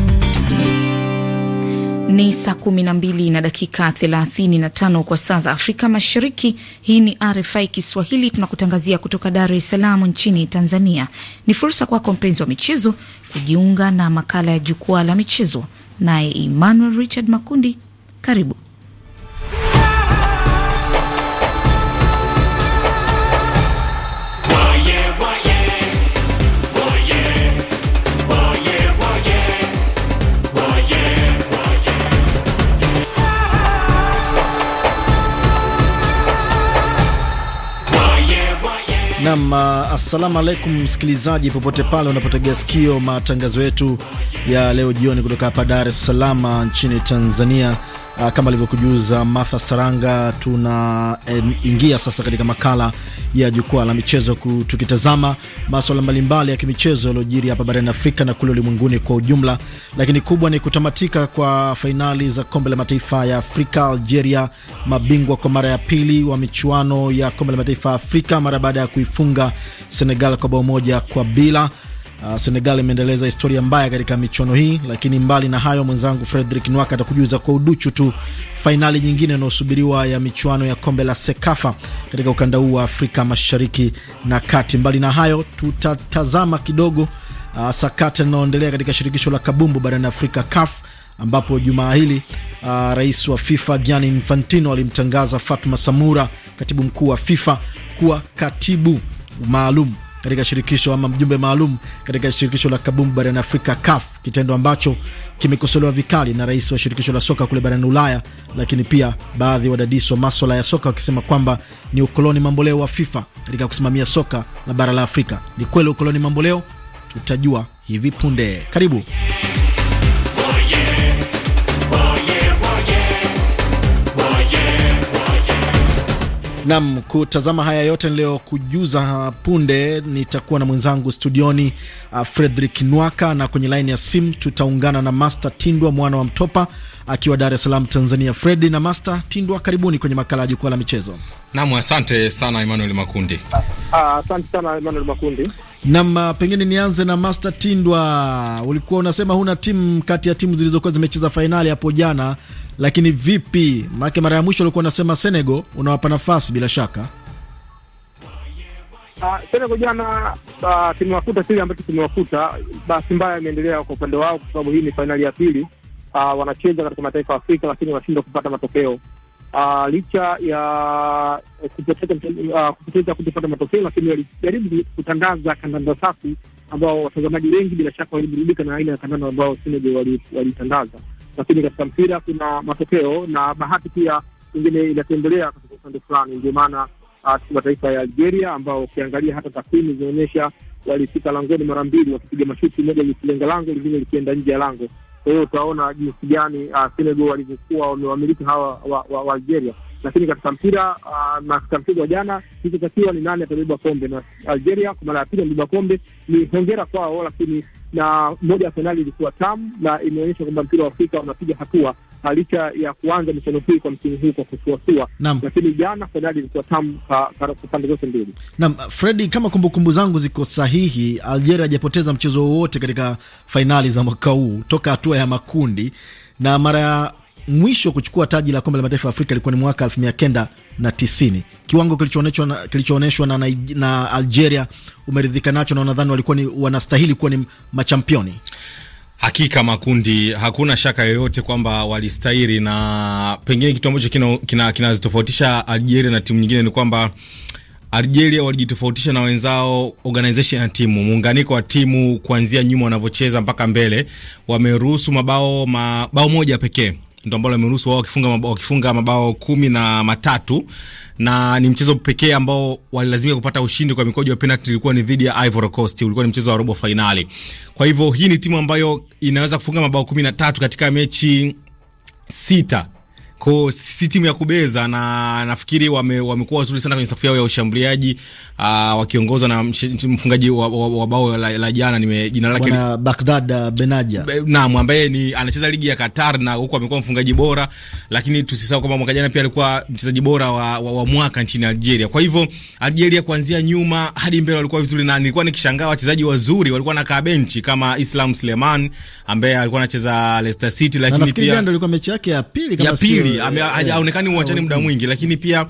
Ni saa 12 na dakika 35 kwa saa za Afrika Mashariki. Hii ni RFI Kiswahili, tunakutangazia kutoka Dar es Salaam nchini Tanzania. Ni fursa kwako mpenzi wa michezo kujiunga na makala ya jukwaa la michezo, naye Emmanuel Richard Makundi, karibu. Nam, uh, assalamu alaikum msikilizaji, popote pale unapotegea sikio matangazo yetu ya leo jioni kutoka hapa Dar es Salaam uh, nchini Tanzania. Uh, kama alivyokujuza Martha Saranga, tunaingia sasa katika makala ya jukwaa la michezo, tukitazama masuala mbalimbali ya kimichezo yaliyojiri hapa barani Afrika na kule ulimwenguni kwa ujumla. Lakini kubwa ni kutamatika kwa fainali za kombe la mataifa ya Afrika, Algeria mabingwa kwa mara ya pili wa michuano ya kombe la mataifa ya Afrika mara baada ya kuifunga Senegal kwa bao moja kwa bila Uh, Senegal imeendeleza historia mbaya katika michuano hii, lakini mbali na hayo, mwenzangu Fredrick Nwaka atakujuza kwa uduchu tu fainali nyingine inayosubiriwa ya michuano ya kombe la Sekafa katika ukanda huu wa Afrika Mashariki na Kati. Mbali na hayo, tutatazama kidogo uh, sakata linaloendelea katika shirikisho la kabumbu barani Afrika CAF ambapo jumaa hili uh, rais wa FIFA Gianni Infantino alimtangaza Fatma Samura, katibu mkuu wa FIFA, kuwa katibu maalum katika shirikisho ama mjumbe maalum katika shirikisho la kabumbu barani Afrika CAF, kitendo ambacho kimekosolewa vikali na rais wa shirikisho la soka kule barani Ulaya, lakini pia baadhi ya wadadisi wa maswala ya soka wakisema kwamba ni ukoloni mamboleo wa FIFA katika kusimamia soka la bara la Afrika. Ni kweli ukoloni mamboleo? Tutajua hivi punde. Karibu. Nam kutazama haya yote niliyokujuza punde, nitakuwa na mwenzangu studioni uh, Fredrik Nwaka, na kwenye laini ya simu tutaungana na Master Tindwa mwana wa Mtopa akiwa Dar es Salaam, Tanzania. Fredi na Master Tindwa, karibuni kwenye makala ya jukwaa la michezo. Nam, asante sana Emmanuel Makundi. Ah, asante sana Emmanuel Makundi. Nam, uh, pengine nianze na Master Tindwa, ulikuwa unasema huna timu kati ya timu zilizokuwa zimecheza fainali hapo jana lakini vipi? maake mara ya mwisho ulikuwa unasema Senegal unawapa nafasi bila shaka. Uh, ah, Senegal jana uh, tumewakuta kile ambacho tumewakuta, bahati mbaya imeendelea kwa upande wao, kwa sababu hii ni fainali ya pili uh, wanacheza katika mataifa ya Afrika, lakini wanashindwa kupata matokeo uh, licha ya eh, kupoteza kutopata matokeo, lakini walijaribu kutangaza kandanda safi ambao watazamaji wengi bila shaka waliburudika na aina ya kandanda ambao Senegal walitangaza wali lakini katika mpira kuna matokeo na bahati pia ingine inatembelea katika upande fulani. Ndio maana timu ah, ya taifa ya Algeria ambao ukiangalia hata takwimu zinaonyesha walifika langoni mara mbili, wakipiga mashuti, moja likilenga lango, lingine likienda nje ya lango. Kwa hiyo utaona jinsi gani ah, Senegal walivyokuwa wamewamiliki hawa wa Algeria wa, lakini katika mpira uh, na katika mchezo wa jana kilichotakiwa ni nane atabeba kombe, na Algeria kwa mara ya pili amebeba kombe. Ni hongera kwao, lakini na moja ya fainali ilikuwa tamu na imeonyesha kwamba mpira wa Afrika unapiga hatua ah, licha ya kuanza michano hii kwa msimu huu kwa kusuasua, lakini jana fainali ilikuwa tamu ah, kwa pande zote mbili. Naam, Fredi, kama kumbukumbu zangu ziko sahihi, Algeria hajapoteza mchezo wowote katika fainali za mwaka huu toka hatua ya makundi na mara ya mwisho kuchukua taji la kombe la mataifa ya Afrika ilikuwa ni mwaka 1990. Kiwango kilichoonyeshwa na, kilichoonyeshwa na, na Algeria umeridhika nacho na nadhani walikuwa ni wanastahili kuwa ni machampioni. Hakika makundi, hakuna shaka yoyote kwamba walistahili, na pengine kitu ambacho kinazitofautisha kina, kina Algeria na timu nyingine ni kwamba Algeria walijitofautisha na wenzao organization ya timu, muunganiko wa timu kuanzia nyuma wanavyocheza mpaka mbele. Wameruhusu mabao mabao moja pekee ndo ambalo ameruhusu wao wakifunga mabao kumi na matatu na ni mchezo pekee ambao walilazimika kupata ushindi kwa mikojo ya penalti, ilikuwa ni dhidi ya Ivory Coast, ulikuwa ni mchezo wa robo fainali. Kwa hivyo hii ni timu ambayo inaweza kufunga mabao kumi na tatu katika mechi sita Ko si timu ya kubeza na nafikiri wamekuwa wame, wazuri sana kwenye safu yao ya ushambuliaji uh, wakiongozwa na mfungaji wa, wa, wa bao la, la jana nime jina lake bwana Baghdad ah, Benaja. Naam, ambaye ni anacheza ligi ya Qatar na huko amekuwa mfungaji bora, lakini tusisahau kwamba mwaka jana pia alikuwa mchezaji bora wa, wa, wa mwaka nchini Algeria. Kwa hivyo Algeria kuanzia nyuma hadi mbele walikuwa vizuri, na nilikuwa nikishangaa wachezaji wazuri walikuwa na benchi kama Islam Sleman ambaye alikuwa anacheza Leicester City, lakini na pia ndio ilikuwa mechi yake ya pili kama ya pili kweli hajaonekani uwanjani muda mwingi, lakini pia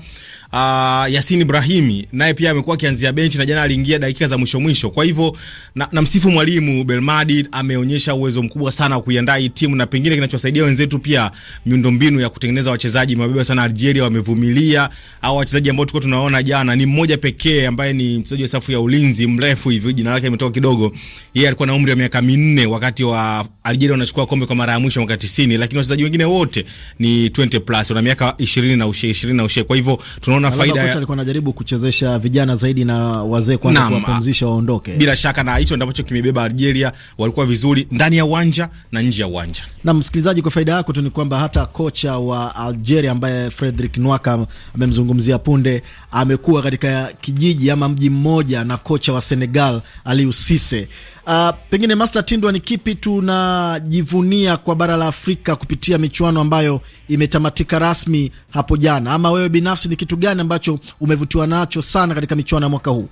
uh, Yasin Ibrahimi naye pia amekuwa akianzia benchi na jana aliingia dakika za mwisho mwisho. Kwa hivyo na, na msifu mwalimu Belmadi, ameonyesha uwezo mkubwa sana wa kuiandaa hii timu, na pengine kinachosaidia wenzetu pia miundombinu ya kutengeneza wachezaji imebeba sana. Algeria wamevumilia, au wachezaji ambao tulikuwa tunaona jana ni mmoja pekee ambaye ni mchezaji wa safu ya ulinzi mrefu hivi, jina lake limetoka kidogo. Yeye alikuwa na umri wa miaka minne wakati wa Algeria wanachukua kombe kwa mara ya mwisho mwaka 90, lakini wachezaji wengine wote ni 20 plus, wana miaka 20 na ushe 20 na ushe, kwa hivyo tuna unaona faida ya... alikuwa anajaribu kuchezesha vijana zaidi na wazee kwanza kuwapumzisha waondoke. Bila shaka na hicho ndicho kimebeba Algeria, walikuwa vizuri ndani ya uwanja na nje ya uwanja. Na msikilizaji, kwa faida yako tu ni kwamba hata kocha wa Algeria ambaye Frederick Nwaka amemzungumzia punde amekuwa katika kijiji ama mji mmoja na kocha wa Senegal Aliou Cisse Uh, pengine Master Tindwa, ni kipi tunajivunia kwa bara la Afrika kupitia michuano ambayo imetamatika rasmi hapo jana, ama wewe binafsi ni kitu gani ambacho umevutiwa nacho sana katika michuano ya mwaka huu?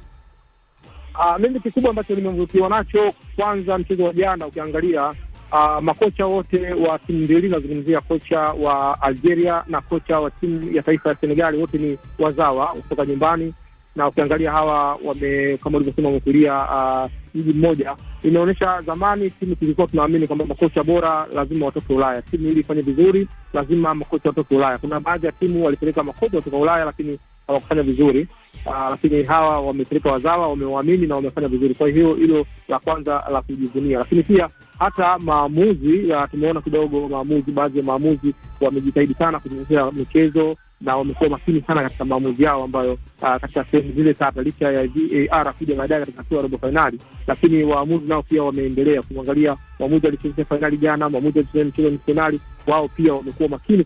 Uh, mimi kikubwa ambacho nimevutiwa nacho kwanza, mchezo wa jana ukiangalia, uh, makocha wote wa timu mbili, nazungumzia kocha wa Algeria na kocha wa timu ya taifa ya Senegali, wote ni wazawa kutoka nyumbani na ukiangalia hawa wame kama ulivyosema wamekulia ah, mji uh, mmoja, inaonyesha zamani timu tulikuwa tunaamini kwamba makocha bora lazima watoke Ulaya, timu ili ifanye vizuri lazima makocha watoke Ulaya. Kuna baadhi ya timu walipeleka makocha kutoka Ulaya lakini hawakufanya vizuri uh, lakini hawa wamepeleka wazawa, wamewaamini na wamefanya vizuri. Kwa hiyo hilo la kwanza la kujivunia, lakini pia hata maamuzi uh, tumeona kidogo maamuzi, baadhi ya maamuzi wamejitahidi sana kuzungumzia michezo na wamekuwa makini sana katika maamuzi yao ambayo uh, katika sehemu zile tata, licha ya VAR kuja baadaye katika hatua ya robo fainali, lakini waamuzi nao pia wameendelea kumwangalia. Mwamuzi alichezesha fainali jana, mwamuzi alichezea mchezo misionari, wao pia wamekuwa makini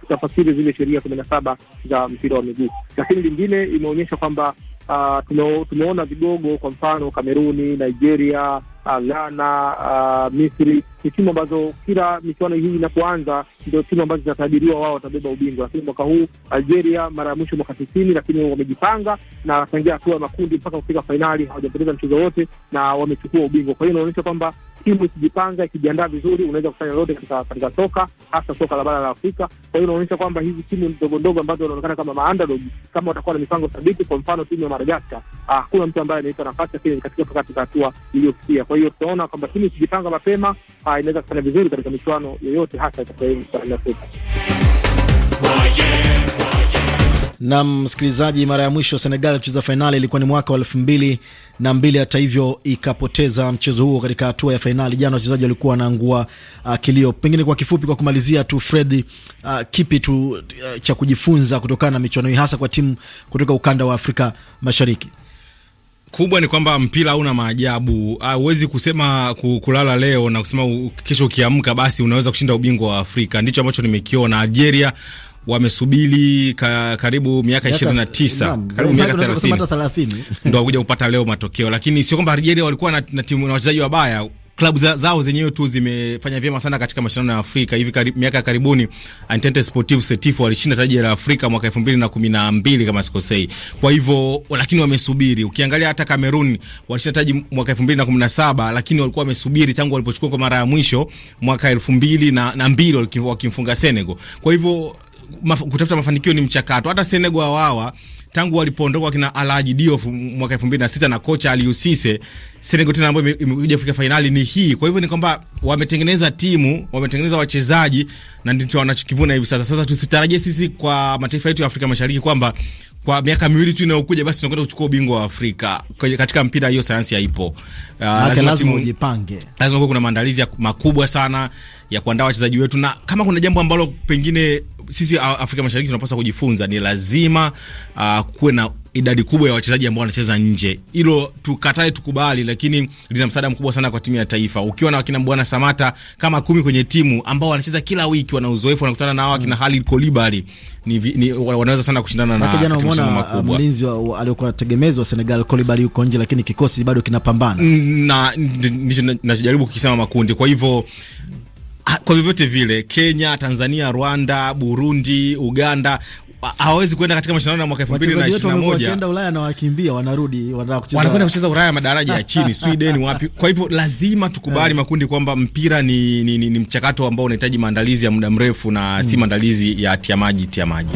kutafasiri zile sheria kumi na saba za mpira wa miguu. Lakini lingine imeonyesha kwamba uh, tumeona vigogo, kwa mfano Kameruni, Nigeria Ah, Ghana, uh, Misri ni timu ambazo kila michuano hii inapoanza ndio timu ambazo zinatabiriwa wao watabeba ubingwa, lakini mwaka huu Algeria mara ya mwisho mwaka tisini, lakini wamejipanga na wataingia hatua ya makundi mpaka kufika fainali, hawajapoteza mchezo wote na wamechukua ubingwa. Kwa hiyo inaonyesha kwamba timu ikijipanga, ikijiandaa vizuri, unaweza kufanya lolote katika katika soka, hasa soka la bara la Afrika. Kwa hiyo inaonyesha kwamba hizi timu ndogo ndogo ambazo wanaonekana kama maandalogi, kama watakuwa na mipango thabiti, kwa mfano timu ya Madagaskar, hakuna mtu ambaye anaipa nafasi, lakini katika katika hatua iliyofikia kwa hiyo tunaona kwamba timu ikijipanga mapema ah, inaweza kufanya vizuri katika michuano yoyote, hasa katika hii Nam msikilizaji, mara ya mwisho Senegal kucheza fainali ilikuwa ni mwaka wa elfu mbili na mbili. Hata hivyo ikapoteza mchezo huo katika hatua ya fainali. Jana wachezaji walikuwa wanaangua uh, ah, kilio. Pengine kwa kifupi, kwa kumalizia tu Fred, uh, kipi tu uh, cha kujifunza kutokana na michuano hii hasa kwa timu kutoka ukanda wa Afrika Mashariki? kubwa ni kwamba mpira hauna maajabu. Huwezi kusema kulala leo na kusema kesho ukiamka basi unaweza kushinda ubingwa wa Afrika. Ndicho ambacho nimekiona Algeria wamesubiri ka, karibu miaka ishirini na tisa karibu miaka thelathini ndo wakuja kupata leo matokeo, lakini sio kwamba Algeria walikuwa na, na, na wachezaji wabaya klabu za, zao zenyewe tu zimefanya vyema sana katika mashindano ya Afrika hivi karib, miaka ya karibuni Entente Sportive Setif walishinda taji la Afrika mwaka 2012 kama sikosei. Kwa hivyo lakini wamesubiri. Ukiangalia hata Cameroon walishinda taji mwaka 2017 lakini walikuwa wamesubiri tangu walipochukua kwa mara ya mwisho mwaka 2002 na, na wakimfunga Senegal. Kwa hivyo maf, kutafuta mafanikio ni mchakato. Hata Senegal wawa tangu walipoondoka kina Alaji Diof mwaka 2006 na na kocha Aliusise, tena ambayo imekuja kufika finali ni hii. Kwa hivyo ni kwamba wametengeneza timu, wametengeneza wachezaji na ndicho wanachokivuna hivi sasa. Sasa tusitarajie sisi kwa mataifa yetu ya Afrika Mashariki kwamba kwa miaka miwili tu inayokuja basi tunakwenda kuchukua ubingwa wa Afrika. Katika mpira hiyo sayansi haipo. Uh, lazima, lazima ujipange. Lazima kuwe kuna maandalizi makubwa sana ya kuandaa wachezaji wetu, na kama kuna jambo ambalo pengine sisi Afrika Mashariki tunapaswa kujifunza, ni lazima uh, kuwe na idadi kubwa ya wachezaji ambao wanacheza nje. Hilo tukatae tukubali, lakini lina msaada mkubwa sana kwa timu ya taifa. Ukiwa na wakina Mbwana Samata kama kumi kwenye timu ambao wanacheza kila wiki, wana uzoefu, wanakutana na hao wakina Halid Kolibali, ni, ni wanaweza sana kushindana na kijana. Umeona mlinzi aliyokuwa tegemezwa Senegal Kolibali yuko nje, lakini kikosi bado kinapambana, mm, na ndicho ninachojaribu kukisema makundi. Kwa hivyo kwa vyovyote vile Kenya, Tanzania, Rwanda, Burundi, Uganda hawawezi kwenda katika mashindano ya mwaka 2021. Wanaenda Ulaya na wakimbia wanarudi, wanakwenda kucheza Ulaya madaraja ya chini, Sweden wapi. Kwa hivyo lazima tukubali eh. makundi kwamba mpira ni, ni, ni, ni mchakato ambao unahitaji maandalizi ya muda mrefu na hmm, si mm. maandalizi ya tia maji tia maji.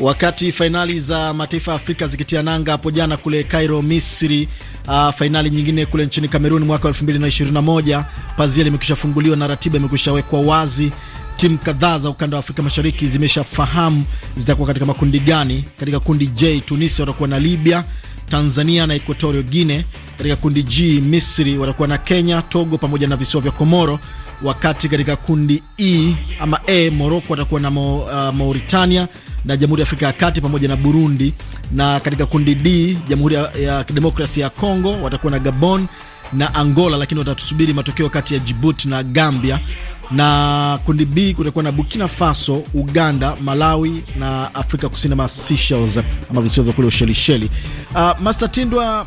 Wakati fainali za mataifa ya Afrika zikitia nanga hapo jana kule Cairo, Misri, uh, fainali nyingine kule nchini Kamerun mwaka 2021 pazia limekwisha funguliwa na ratiba imekwisha wekwa wazi. Timu kadhaa za ukanda wa Afrika Mashariki zimeshafahamu zitakuwa katika makundi gani. Katika kundi J, Tunisia watakuwa na Libya, Tanzania na Equatorio Guine. Katika kundi G, Misri watakuwa na Kenya, Togo pamoja na visiwa vya Komoro, wakati katika kundi E ama A, Moroko watakuwa na uh, Mauritania na Jamhuri ya Afrika ya Kati pamoja na Burundi, na katika kundi D Jamhuri ya Kidemokrasia ya Kongo watakuwa na Gabon na Angola, lakini watatusubiri matokeo kati ya Djibouti na Gambia. Na kundi B kutakuwa na Burkina Faso, Uganda, Malawi na Afrika Kusini ama Seychelles ama visiwa vya kule Ushelisheli. Uh, ah, Master Tindwa,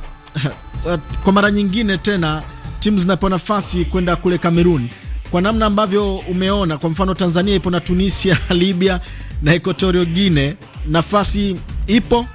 uh, kwa mara nyingine tena timu zinapewa nafasi kwenda kule Kamerun kwa namna ambavyo umeona, kwa mfano Tanzania ipo na Tunisia, Libya na Equatorial Guinea, nafasi ipo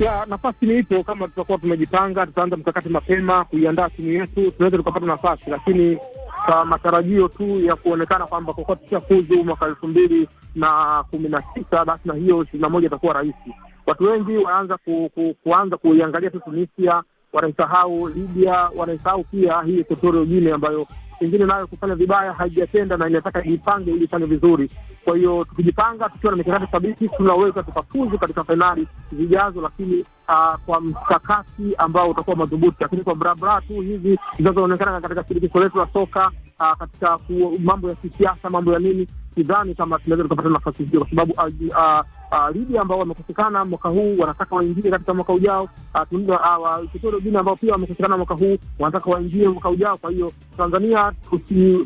ya nafasi ni ipo. Kama tutakuwa tumejipanga, tutaanza mkakati mapema kuiandaa timu yetu, tunaweza tukapata nafasi, lakini kwa matarajio tu ya kuonekana kwamba kwa kuwa tushafuzu mwaka elfu mbili na kumi na tisa basi na hiyo ishirini na moja itakuwa rahisi. Watu wengi waanza ku, ku, kuanza kuiangalia tu Tunisia wanaisahau Libya, wanaisahau pia hii Equatorial Guinea ambayo pengine nayo kufanya vibaya haijatenda na inataka ijipange ili ifanye vizuri. Kwa hiyo tukijipanga, tukiwa na mikakati thabiti, tunaweza tukafuzu katika fainali zijazo, lakini uh, kwa mkakati ambao utakuwa madhubuti, lakini kwa barabara tu hizi zinazoonekana katika shirikisho letu la soka uh, katika mambo ya kisiasa, mambo ya nini, sidhani kama tunaweza tukapata nafasi hiyo kwa sababu uh, uh, Uh, ah, Libya ambao wamekosekana mwaka huu wanataka waingie katika mwaka ujao. Uh, ah, Tunisia ah, ambao pia wamekosekana mwaka huu wanataka waingie mwaka ujao. Kwa hiyo Tanzania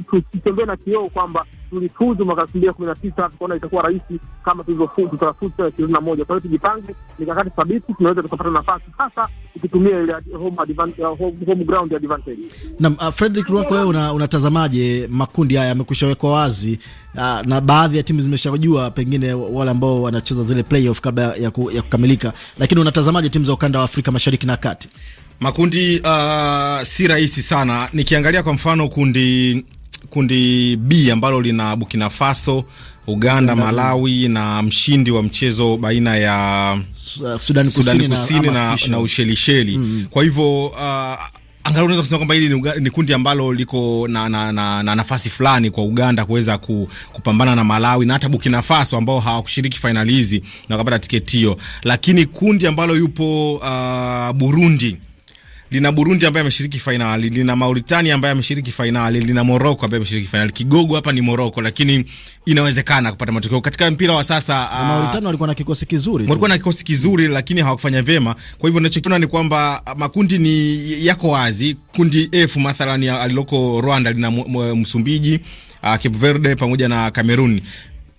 tusitembee na kioo kwamba tulifuzu mwaka elfu mbili kumi na tisa tukaona itakuwa rahisi kama tulivyofuzu tutafuta ishirini na moja. Kwa hiyo tujipange, mikakati thabiti, tunaweza tukapata nafasi hasa ukitumia ile home advantage, uh, home ground advantage. Naam, uh, Fredrick Ruako, wewe unatazamaje? una Makundi haya wekwa wazi uh, na baadhi ya timu zimeshajua pengine wale ambao wanacheza zile playoff kabla ya, ku, ya kukamilika, lakini unatazamaje timu za ukanda wa Afrika Mashariki na Kati? Makundi uh, si rahisi sana. Nikiangalia kwa mfano kundi kundi B ambalo lina Burkina Faso, Uganda, Malawi na mshindi wa mchezo baina ya uh, Sudani Kusini, Kusini na, na Ushelisheli. Mm. Kwa hivyo uh, angalau unaweza kusema kwamba hili ni kundi ambalo liko na, na, na, na nafasi fulani kwa Uganda kuweza ku, kupambana na Malawi na hata Burkina Faso ambao hawakushiriki fainali hizi na wakapata tiketi hiyo, lakini kundi ambalo yupo uh, Burundi lina Burundi ambaye ameshiriki fainali, lina Mauritania ambaye ameshiriki fainali, lina Moroko ambaye ameshiriki fainali. Kigogo hapa ni Moroko, lakini inawezekana kupata matokeo katika mpira wa sasa. Ah, Mauritania walikuwa na kikosi kizuri, walikuwa na kikosi kizuri lakini hawakufanya vyema. Kwa hivyo ninachokiona ni kwamba ah, makundi ni yako wazi. Kundi F mathalan aliloko Rwanda lina Msumbiji, ah, Cape Verde pamoja na Kameruni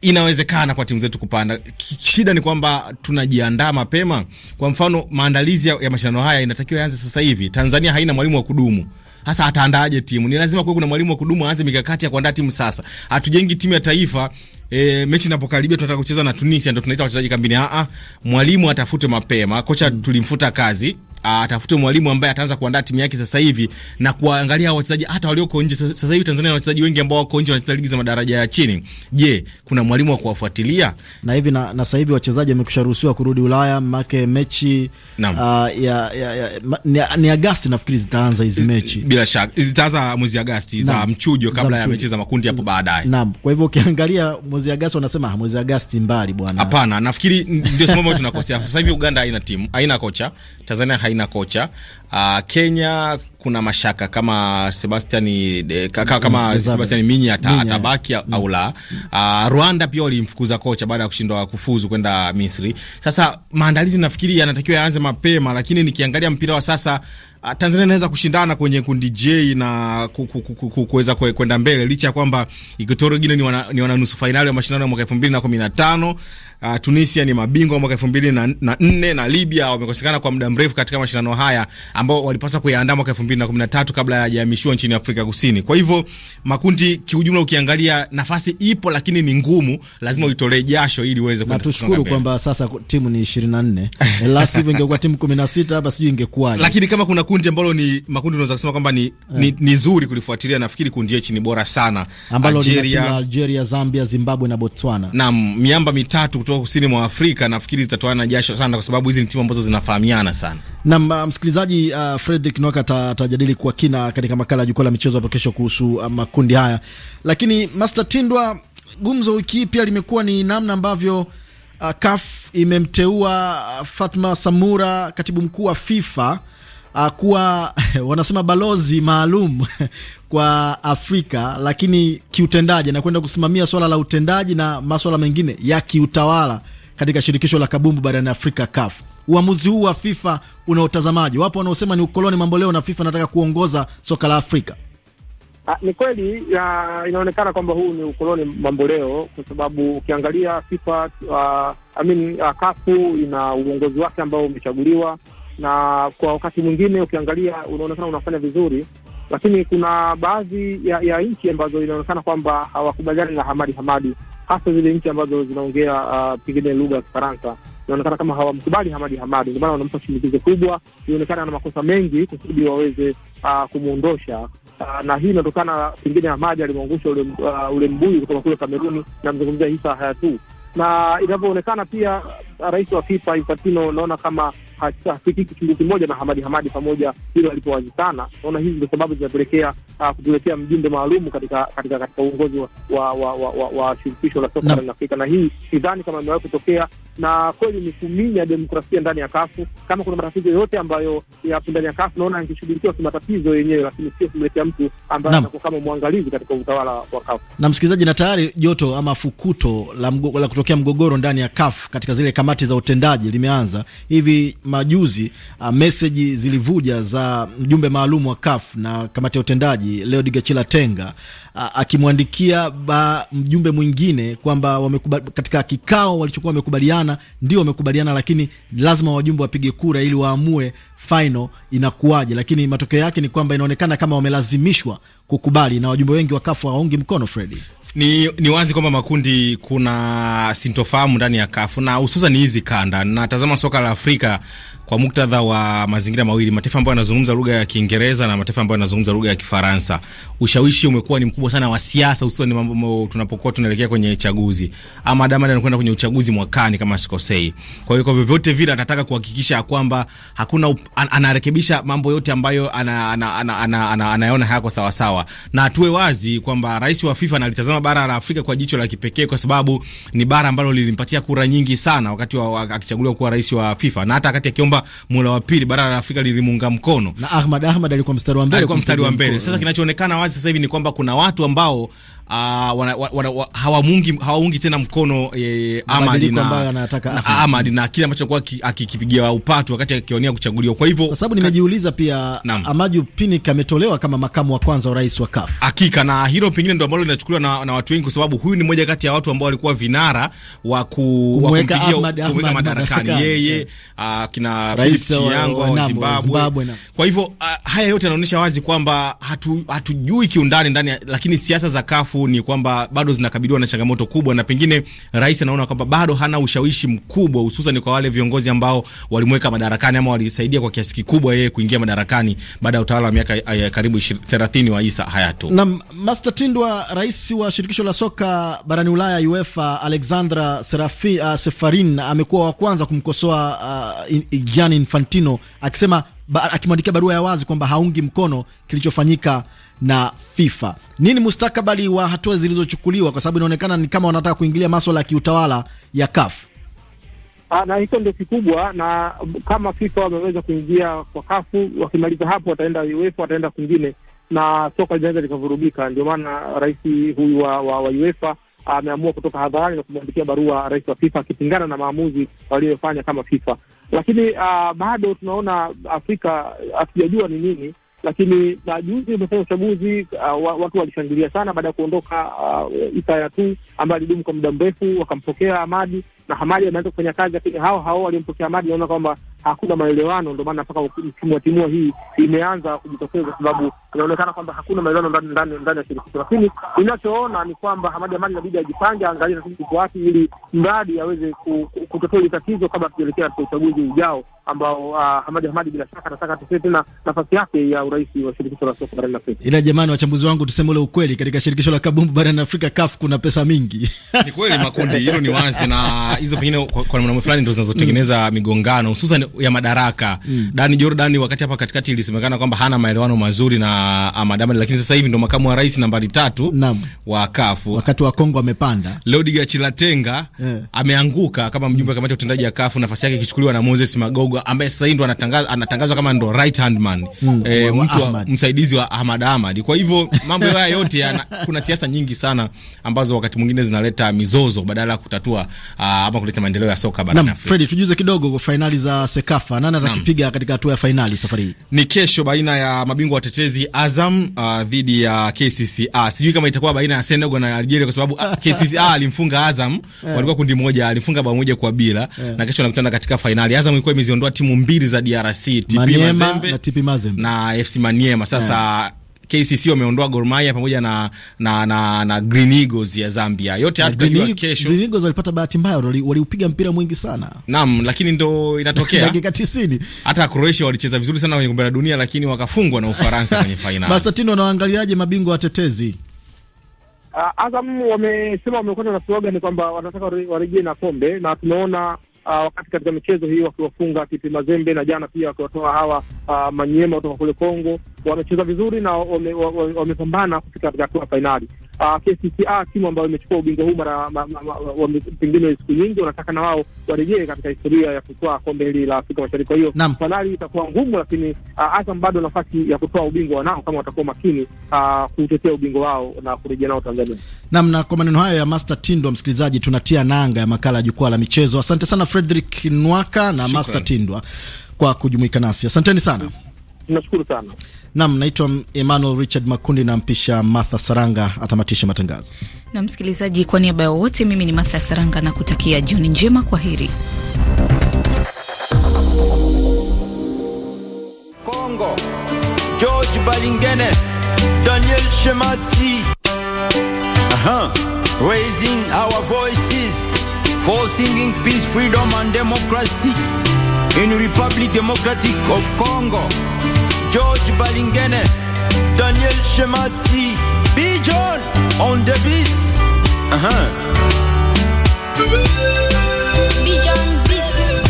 inawezekana kwa timu zetu kupanda. Shida ni kwamba tunajiandaa mapema. Kwa mfano, maandalizi ya, mashindano haya inatakiwa yaanze sasa hivi. Tanzania haina mwalimu wa kudumu hasa ataandaaje timu? Ni lazima kuwe kuna mwalimu wa kudumu aanze mikakati ya kuandaa timu sasa. Hatujengi timu ya taifa e, mechi inapokaribia tunataka kucheza na Tunisia ndio tunaita wachezaji kambini. a, mwalimu atafute mapema. Kocha tulimfuta kazi atafute mwalimu ambaye ataanza kuandaa timu yake sasa hivi na kuangalia wachezaji hata walioko nje. Sasa hivi Tanzania na wachezaji wengi ambao wako nje wanacheza ligi za madaraja ya chini. Je, kuna mwalimu wa kuwafuatilia? Na hivi na, na sasa hivi wachezaji wamekusharuhusiwa kurudi Ulaya, make mechi uh, ya, ya, ya, ma, ni, ni Agasti nafikiri zitaanza hizi mechi, bila shaka zitaanza mwezi Agasti za mchujo kabla ya mechi za makundi hapo baadaye. Naam, kwa hivyo ukiangalia mwezi Agasti wanasema ah, mwezi Agasti mbali bwana. Hapana, nafikiri ndio sababu tunakosea sasa hivi. Uganda haina timu, haina kocha. Tanzania haina haina kocha. Uh, Kenya kuna mashaka kama Sebastian de, eh, kaka, kama mm, Sebastian Minyi ata, atabaki au mm. la. Uh, ah, Rwanda pia walimfukuza kocha baada ya kushindwa kufuzu kwenda Misri. Sasa maandalizi nafikiri yanatakiwa yaanze mapema, lakini nikiangalia mpira wa sasa ah, Tanzania inaweza kushindana kwenye kundi J na kuweza ku, ku, ku, ku, kwenda mbele licha ya kwamba Equatorial Guinea ni wana, ni wana nusu fainali ya mashindano ya mwaka 2015 Uh, Tunisia ni mabingwa mwaka 2004 na, na na Libya wamekosekana kwa muda mrefu katika mashindano haya ambao walipaswa kuyaandaa mwaka 2013 kabla hayajahamishiwa nchini Afrika Kusini. Kwa hivyo makundi kiujumla, ukiangalia nafasi ipo, lakini ni ngumu, lazima uitolee jasho ili uweze kwenda. Tushukuru kwamba sasa timu ni 24 eh, la sivyo ingekuwa timu 16 hapa, sijui ingekuwaje. Lakini kama kuna kundi ambalo ni makundi unaweza kusema kwamba ni, eh. ni, ni zuri kulifuatilia, nafikiri kundi H ni bora sana ambalo Algeria, Algeria, Zambia, Zimbabwe na Botswana. Naam, miamba mitatu kutoka kusini mwa Afrika nafikiri zitatoana jasho sana, kwa sababu hizi ni timu ambazo zinafahamiana sana. Na uh, msikilizaji, uh, Fredrick Nwaka atajadili kwa kina katika makala ya jukwaa la michezo hapo kesho kuhusu uh, makundi haya, lakini Master Tindwa, gumzo wiki hii pia limekuwa ni namna ambavyo uh, CAF imemteua uh, Fatma Samura, katibu mkuu wa FIFA uh, kuwa wanasema balozi maalum kwa Afrika, lakini kiutendaji anakwenda kusimamia swala la utendaji na maswala mengine ya kiutawala katika shirikisho la kabumbu barani Afrika, CAF. Uamuzi huu wa FIFA una utazamaji? Wapo wanaosema ni ukoloni mambo leo na FIFA nataka kuongoza soka la Afrika. A, ah, ni kweli inaonekana kwamba huu ni ukoloni mamboleo kwa sababu ukiangalia FIFA uh, I mean, uh, kafu ina uongozi wake ambao umechaguliwa na kwa wakati mwingine ukiangalia unaonekana unafanya vizuri, lakini kuna baadhi ya, ya nchi ambazo inaonekana kwamba hawakubaliani na Hamadi Hamadi, hasa zile nchi ambazo zinaongea uh, pengine lugha ya Kifaransa inaonekana kama hawamkubali Hamadi Hamadi, ndio maana wanampa shinikizo kubwa, Inaonekana ana makosa mengi kusudi waweze uh, kumwondosha uh, na hii inatokana pengine Hamadi alimwangusha ule, uh, ule mbuyu kutoka kule Kameruni, namzungumzia Isa Hayatou, na inavyoonekana pia rais wa FIFA Infantino, naona kama hafikiki chungu kimoja na Hamadi Hamadi pamoja hilo sana. Naona hizi ndio sababu zinapelekea uh, ah, kutuletea mjumbe maalum katika katika katika uongozi wa wa, wa, wa, wa, wa shirikisho la soka barani Afrika, na hii sidhani kama imewahi kutokea, na kweli ni kuminya demokrasia ndani ya kafu. Kama kuna matatizo yoyote ambayo yapo ndani ya kafu, naona angeshughulikiwa kimatatizo yenyewe, lakini sio kumletea mtu ambaye anakuwa kama mwangalizi katika utawala wa kafu. Na msikilizaji, na tayari joto ama fukuto la, mgo, la kutokea mgogoro ndani ya kafu katika zile kama kamati za utendaji limeanza hivi majuzi. Uh, meseji zilivuja za mjumbe maalum wa CAF na kamati ya utendaji leo Digachila Tenga uh, akimwandikia mjumbe mwingine kwamba katika kikao walichokuwa wamekubaliana ndio wamekubaliana, lakini lazima wajumbe wapige kura ili waamue final inakuwaje, lakini matokeo yake ni kwamba inaonekana kama wamelazimishwa kukubali na wajumbe wengi wa CAF hawaungi mkono Fredi. Ni, ni wazi kwamba makundi kuna sintofahamu ndani ya kafu na hususan hizi kanda, na tazama soka la Afrika kwa muktadha wa mazingira mawili, mataifa ambayo yanazungumza lugha ya Kiingereza na mataifa ambayo yanazungumza lugha ya Kifaransa, ushawishi umekuwa ni mkubwa sana wa siasa, hususan mambo tunapokuwa tunaelekea kwenye chaguzi, ama Dama anakwenda kwenye uchaguzi mwakani kama sikosei. Kwa hiyo kwa vyovyote vile anataka kuhakikisha kwamba hakuna, an, anarekebisha mambo yote ambayo anayaona hayako sawa sawa, na tuwe wazi kwamba rais wa FIFA analitazama bara la Afrika kwa jicho la kipekee, kwa sababu ni bara ambalo lilimpatia kura nyingi sana wakati wa, akichaguliwa kuwa rais wa FIFA na hata wakati akiomba kwamba mula wa pili bara la Afrika lilimunga mkono na Ahmad Ahmad alikuwa mstari wa mbele, alikuwa mstari wa mbele. Sasa kinachoonekana wazi sasa hivi ni kwamba kuna watu ambao uh, wana, wana, wana, hawamungi hawaungi tena mkono eh, Ahmad na na na kile ambacho alikuwa akikipigia upatu wakati akiwania kuchaguliwa. Kwa hivyo kwa sababu nimejiuliza pia Amaju Pinnick ametolewa kama makamu wa kwanza wa rais wa CAF. Hakika na hilo pengine ndio ambalo linachukuliwa na, na watu wengi kwa sababu huyu ni mmoja kati ya watu ambao walikuwa vinara wa kumweka kumweka madarakani yeye yeah. Ah, kina Rais Yango Zimbabwe. Zimbabwe. Kwa hivyo uh, haya yote yanaonyesha wazi kwamba hatujui kiundani ndani, lakini siasa za CAF maarufu ni kwamba bado zinakabiliwa na changamoto kubwa, na pengine rais anaona kwamba bado hana ushawishi mkubwa, hususan kwa wale viongozi ambao walimweka madarakani ama walisaidia kwa kiasi kikubwa yeye kuingia madarakani baada ya utawala wa miaka eh, karibu 30 wa Isa Hayatu. Na Master Tindwa, rais wa shirikisho la soka barani Ulaya UEFA, Alexandra Serafi, uh, Sefarin amekuwa wa kwanza kumkosoa uh, Gianni Infantino akisema ba, akimwandikia barua ya wazi kwamba haungi mkono kilichofanyika na FIFA. Nini mustakabali wa hatua zilizochukuliwa, kwa sababu inaonekana ni kama wanataka kuingilia maswala ya kiutawala ya CAF? Ah, na hicho ndio kikubwa, na kama FIFA wameweza kuingia kwa kafu, wakimaliza hapo wataenda UEFA, wataenda kwingine na soka linaweza likavurugika. Ndio maana rais huyu wa, wa, wa UEFA ah, ameamua kutoka hadharani na kumwandikia barua rais wa FIFA akipingana na maamuzi waliyofanya kama FIFA. Lakini uh, bado tunaona Afrika hatujajua ni nini lakini majuzi umefanya uchaguzi uh, watu walishangilia sana baada ya kuondoka uh, Issa tu ambaye alidumu kwa muda mrefu, wakampokea Hamadi na Hamadi ameanza kufanya kazi, lakini hao hao waliompokea Hamadi naona kwamba hakuna maelewano, ndio maana mpaka timua timua hii imeanza kujitokeza, sababu inaonekana kwamba hakuna maelewano ndani ndani ndani ya shirikisho. Lakini ninachoona ni kwamba Hamadi Amani inabidi ajipange, angalie tatizo liko wapi, ili mradi aweze kutotoa hili tatizo kabla tujaelekea katika uchaguzi ujao ambao uh, Hamadi Hamadi bila shaka anataka tusie tena nafasi yake ya urais wa shirikisho la soka barani Afrika. Ila jamani, wachambuzi wangu, tuseme ule ukweli, katika shirikisho la kabumbu barani Afrika CAF kuna pesa mingi. Ni kweli makundi, hilo ni wazi, na hizo pengine kwa namna fulani ndio zinazotengeneza migongano hususan ya madaraka mm. Dani Jordan wakati hapa katikati ilisemekana kwamba hana maelewano mazuri na Amadama, ah, lakini sasa hivi ndo makamu wa rais nambari tatu Naam. wa kafu wakati wa Kongo amepanda. Leodegar Chilatenga yeah. ameanguka kama mjumbe wa kamati ya utendaji ya kafu, nafasi yake ikichukuliwa na Moses Magogo ambaye sasa hivi ndo anatangazwa anatangazwa kama ndo right hand man mm. e, mtu wa, msaidizi wa Ahmad Ahmad. Kwa hivyo mambo haya yote ya, na, kuna siasa nyingi sana ambazo wakati mwingine zinaleta mizozo badala ya kutatua uh, ama kuleta maendeleo ya soka barani Afrika. Fredi, tujuze kidogo finali za CECAFA. Nani atakipiga katika hatua ya fainali safari hii? Ni kesho baina ya mabingwa watetezi Azam uh, dhidi ya KCCA. Sijui kama itakuwa baina ya Senegal na Algeria kwa sababu uh, KCCA alimfunga Azam, eh. walikuwa kundi moja, alimfunga bao moja kwa bila eh. na kesho wanakutana katika fainali. Azam ilikuwa imeziondoa timu mbili za DRC, TP Mazembe na TP Mazembe na FC Maniema. Sasa yeah. KCC wameondoa Gor Mahia pamoja na na, na, na Green Eagles ya Zambia. Yote hata kesho Green Eagles walipata bahati mbaya, waliupiga mpira mwingi sana. Naam, lakini ndo inatokea dakika 90. Hata Croatia walicheza vizuri sana kwenye kombe la dunia, lakini wakafungwa na Ufaransa kwenye fainali. Bastatino, wanaangaliaje mabingwa watetezi? Uh, Azam wamesema wamekuwa na slogan kwamba wanataka warejee na kombe na tumeona uh, wakati katika michezo hii wakiwafunga TP Mazembe na jana pia wakiwatoa hawa uh, Manyema kutoka kule Kongo. Wamecheza vizuri na wamepambana kufika katika hatua fainali uh, ah, KCCA timu ambayo imechukua ubingwa huu mara pengine siku nyingi, wanataka na wao warejee katika historia ya kutoa kombe hili la Afrika Mashariki. Kwa hiyo fainali itakuwa ngumu, lakini uh, Azam bado nafasi ya kutoa ubingwa wanao kama watakuwa makini uh, ah, kutetea ubingwa wao na kurejea nao Tanzania. Naam, na kwa maneno hayo ya Master Tindwa, msikilizaji, tunatia nanga ya makala ya jukwaa la michezo. Asante sana Frederick Nwaka na Master Tindwa kwa kujumuika nasi, asanteni sana. Nashukuru sana. Nam, naitwa Emmanuel Richard Makundi na mpisha Martha Saranga atamatisha matangazo. Na msikilizaji, kwa niaba ya wote, mimi ni Martha Saranga na kutakia jioni njema, kwa heri. Kongo, George Balingene, Daniel Shemati. Aha, raising our voices for singing peace, freedom and democracy in Republic Democratic of Congo. George Balingene, Daniel Shemati, B. John on the beat. Uh-huh. B. John beat.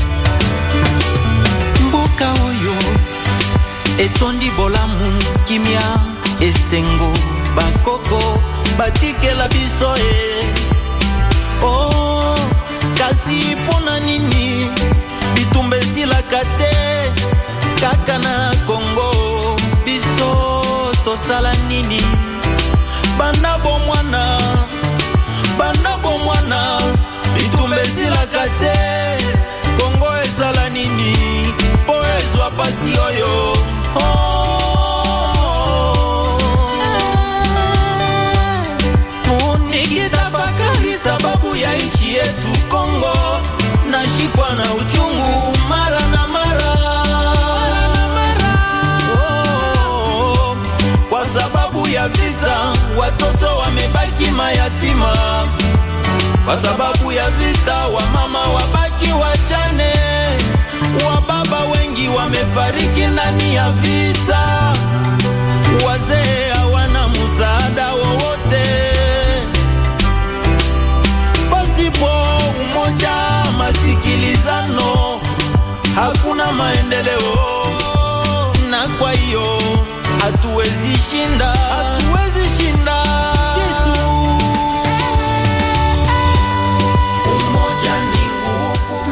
Mboka oyo etondi bolamu kimia esengo bakoko batikela biso e oh, kasi mpona nini bitumba esilaka te kaka na ko tosala nini banda bomwana banda bomwana bitumba esilaka te kongo ezala nini mpo ezwa pasi oyo vita, watoto wamebaki mayatima kwa sababu ya vita, wamama wabaki wajane, wababa wengi wamefariki ndani ya vita, wazee hawana msaada wowote. Pasipo umoja, masikilizano, hakuna maendeleo, na kwa hiyo hatuwezi shinda, hatuwezi shinda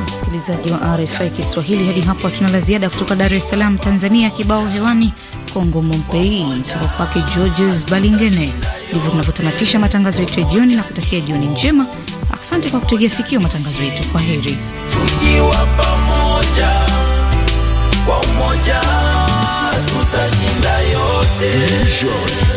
Msikilizaji wa RFI Kiswahili, hadi hapo hatuna la ziada kutoka Dar es Salaam, Tanzania. Kibao hewani Kongo Mompei toka kwake Georges Balingene. Ndivyo tunavyotamatisha matangazo yetu ya jioni na kutakia jioni njema. Asante kwa kutegea sikio matangazo yetu. Kwa heri. Vision.